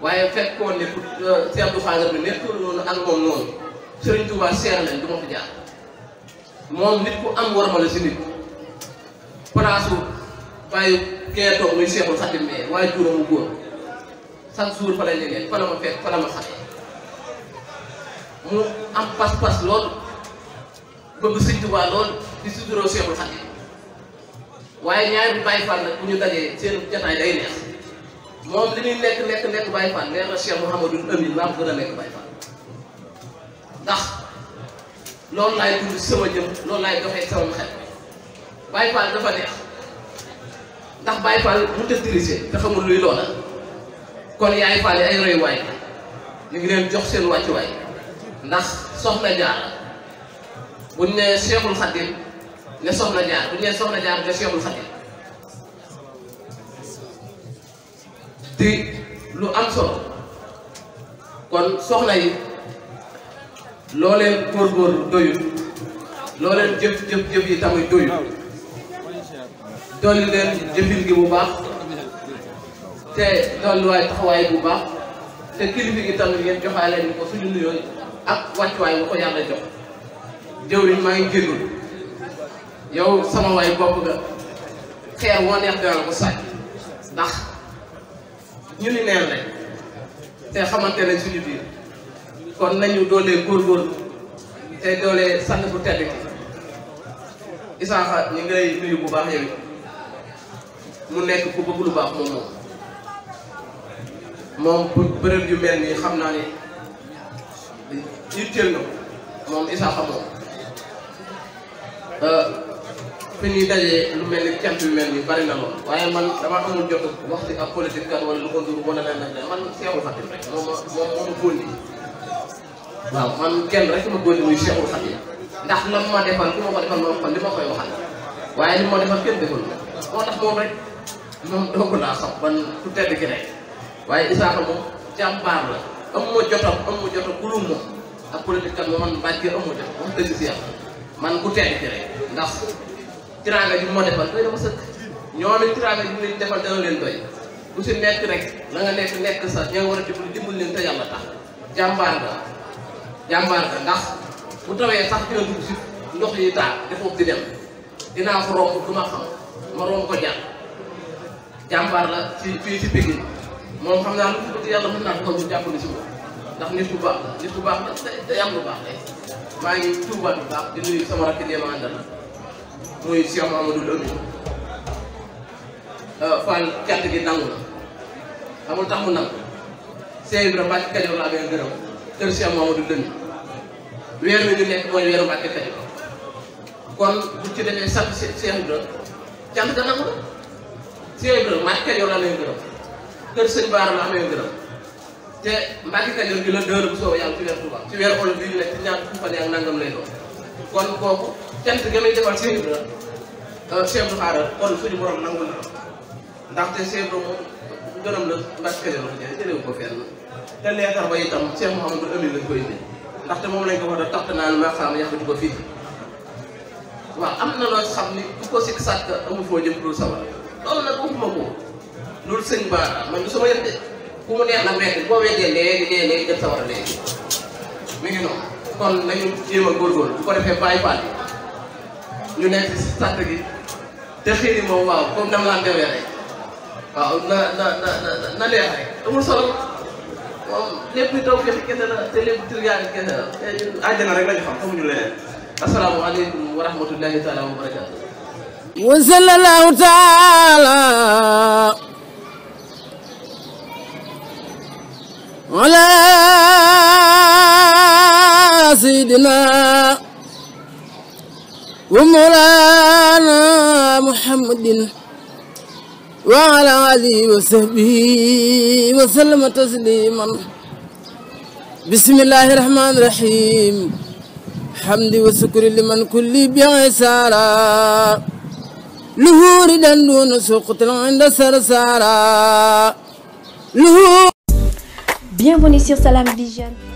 waaye fekkoon ne pour Seex euh, Abdu Xaadir bi nekkul noonu ak moom noonu Sëriñ Tuubaa seer leen du ma fa jaar moom nit ku am war ma la si nit place bu bàyyi kee toog muy Seexul Xaadim mee waaye juróomu góor chaque jour fa la ñegee fa la ma fekk fa la ma xat mu am pas-pas lool bëgg Sëriñ Tuubaa lool di suturoo Seexul Xaadim waaye ñaari Baay Faal nag bu ñu dajee seen jataay day neex moom li muy nekk nekk nekk Baye Fall nee na Cheikh Mouhamadou Amine maa ko gën a nekk Baye Fall ndax loolu laay dund sama jëm loolu laay doxee sama xel Baye Fall dafa neex ndax Baye Fall mu te dirigé te xamul luy loola kon yaay Fall ay roy ngi leen jox seen wàccuwaay ndax soxna jaar buñ ne Cheikhul Khadim ne soxna jaar buñ ne soxna jaar ne Cheikhul di lu am solo kon soxna yi loo leen góorgóorlu doyul loo leen jëf jëf jëf yi tamit doyul dolli leen jëfin gi bu baax te dolliwaay taxawaay bu baax te kilifa gi tamit ngeen joxaale ñu ko suñu nuyoo ak wàccuwaay bu ko yàlla jox jëwriñ maa ngi yow sama waay bopp nga xeer woo neex dana ko sàcc ndax ñu ni neen rek te xamante nañ suñu biir kon nañu doolee góorgóorlu te doolee sànni bu tedd ki Isaaxa ñu ngi lay nuyu bu baax yow mu nekk ku bëgg lu baax moom moom moom bërëb yu mel nii xam naa ni yitteel na moom Isaaxa moom euh, fi ñuy dajee lu mel ni cant yu mel ni bari na lool waaye man dama amul jot wax ci ab politique kat wala lu ko ndur wala leneen rek man Cheikhul Khadim rek moom moom moom góondi rek ma góondi muy Cheikhul Khadim ndax lam ma defal ku ko ma waaye li ma defal kenn defal moo tax moom rek moom dong laa xam ban ku tedd ki rek waaye Isaaka moom la am ma jotam am ma jotam ku lum moom ak politique kat moom man bàjjee am tiraanga ji moo defal doy na ko sëkk ñoom it tiraanga ji defal dana leen doy ku si nekk rek la nga nekk nekk sa ña nga leen te yàlla tax jàmbaar ndax bu tawee sax dina dugg si ndox yi taa defoof di dem dinaa ko romb ma xam ma romb ko jàll jàmbaar si moom ndax nit ku baax la baax la baax la maa ngi bu baax di nuyu sama rakk yi muy Cheikh Mamadou Lodi euh, Fall càtt gi nangu na xamul tax mu nangu Cheikh Ibrahima Mbacke a gërëm kër Cheikh weer wi nekk mooy weeru Mbacke Kajoor kon bu ci defee sant Cheikh Ibrahima càtt ga nangu na Cheikh Ibrahima Mbacke Kajoor laa leen gërëm kër sëñ Baara laa leen gërëm te Mbacke Kajoor gi la dër bu soobee yàlla ci weer Tuuba ci weer olof bi nekk ci ñaar fukki fan nangam lay doon. kon kooku cant ga muy defal Sëriñ Ibra Sëriñ Abdou Khadre kon suñu borom nangu na ndaxte Sëriñ Ibra moom gënam la Mbàkke Kajoor la ko jëlee ko fenn te leetar ba itam Sëriñ ko fii waaw am na loo xam ni ku ko sikk sàkk amul foo jëm pour sawar loolu nag waxuma ko loolu sëñ Ba man du sama yëf de ku mu neex nag rek boo weddee léegi léegi dem sawar léegi mi ngi noonu kon nañu jéem a góorgóorlu bu ko defee bàyyi baal ñu nekk si sant gi te xëy na moom waaw comme dama laan demee rek waaw na na na na neex rek amul solo moom lépp lu taw kese kese la te lépp tur yaa ngi kese la te ñun àjjana rek lañu xam xamuñu leneen asalaamaaleykum wa rahmatullahi taala wa barakaatu. wa sallallahu taala. ولا سيدنا ومولانا محمد وعلى آله وصحبه وسلم تسليما بسم الله الرحمن الرحيم حمد وشكر لمن كل بعسارا لهور دون سقط عند سرسارا Bienvenue sur Salam Vision.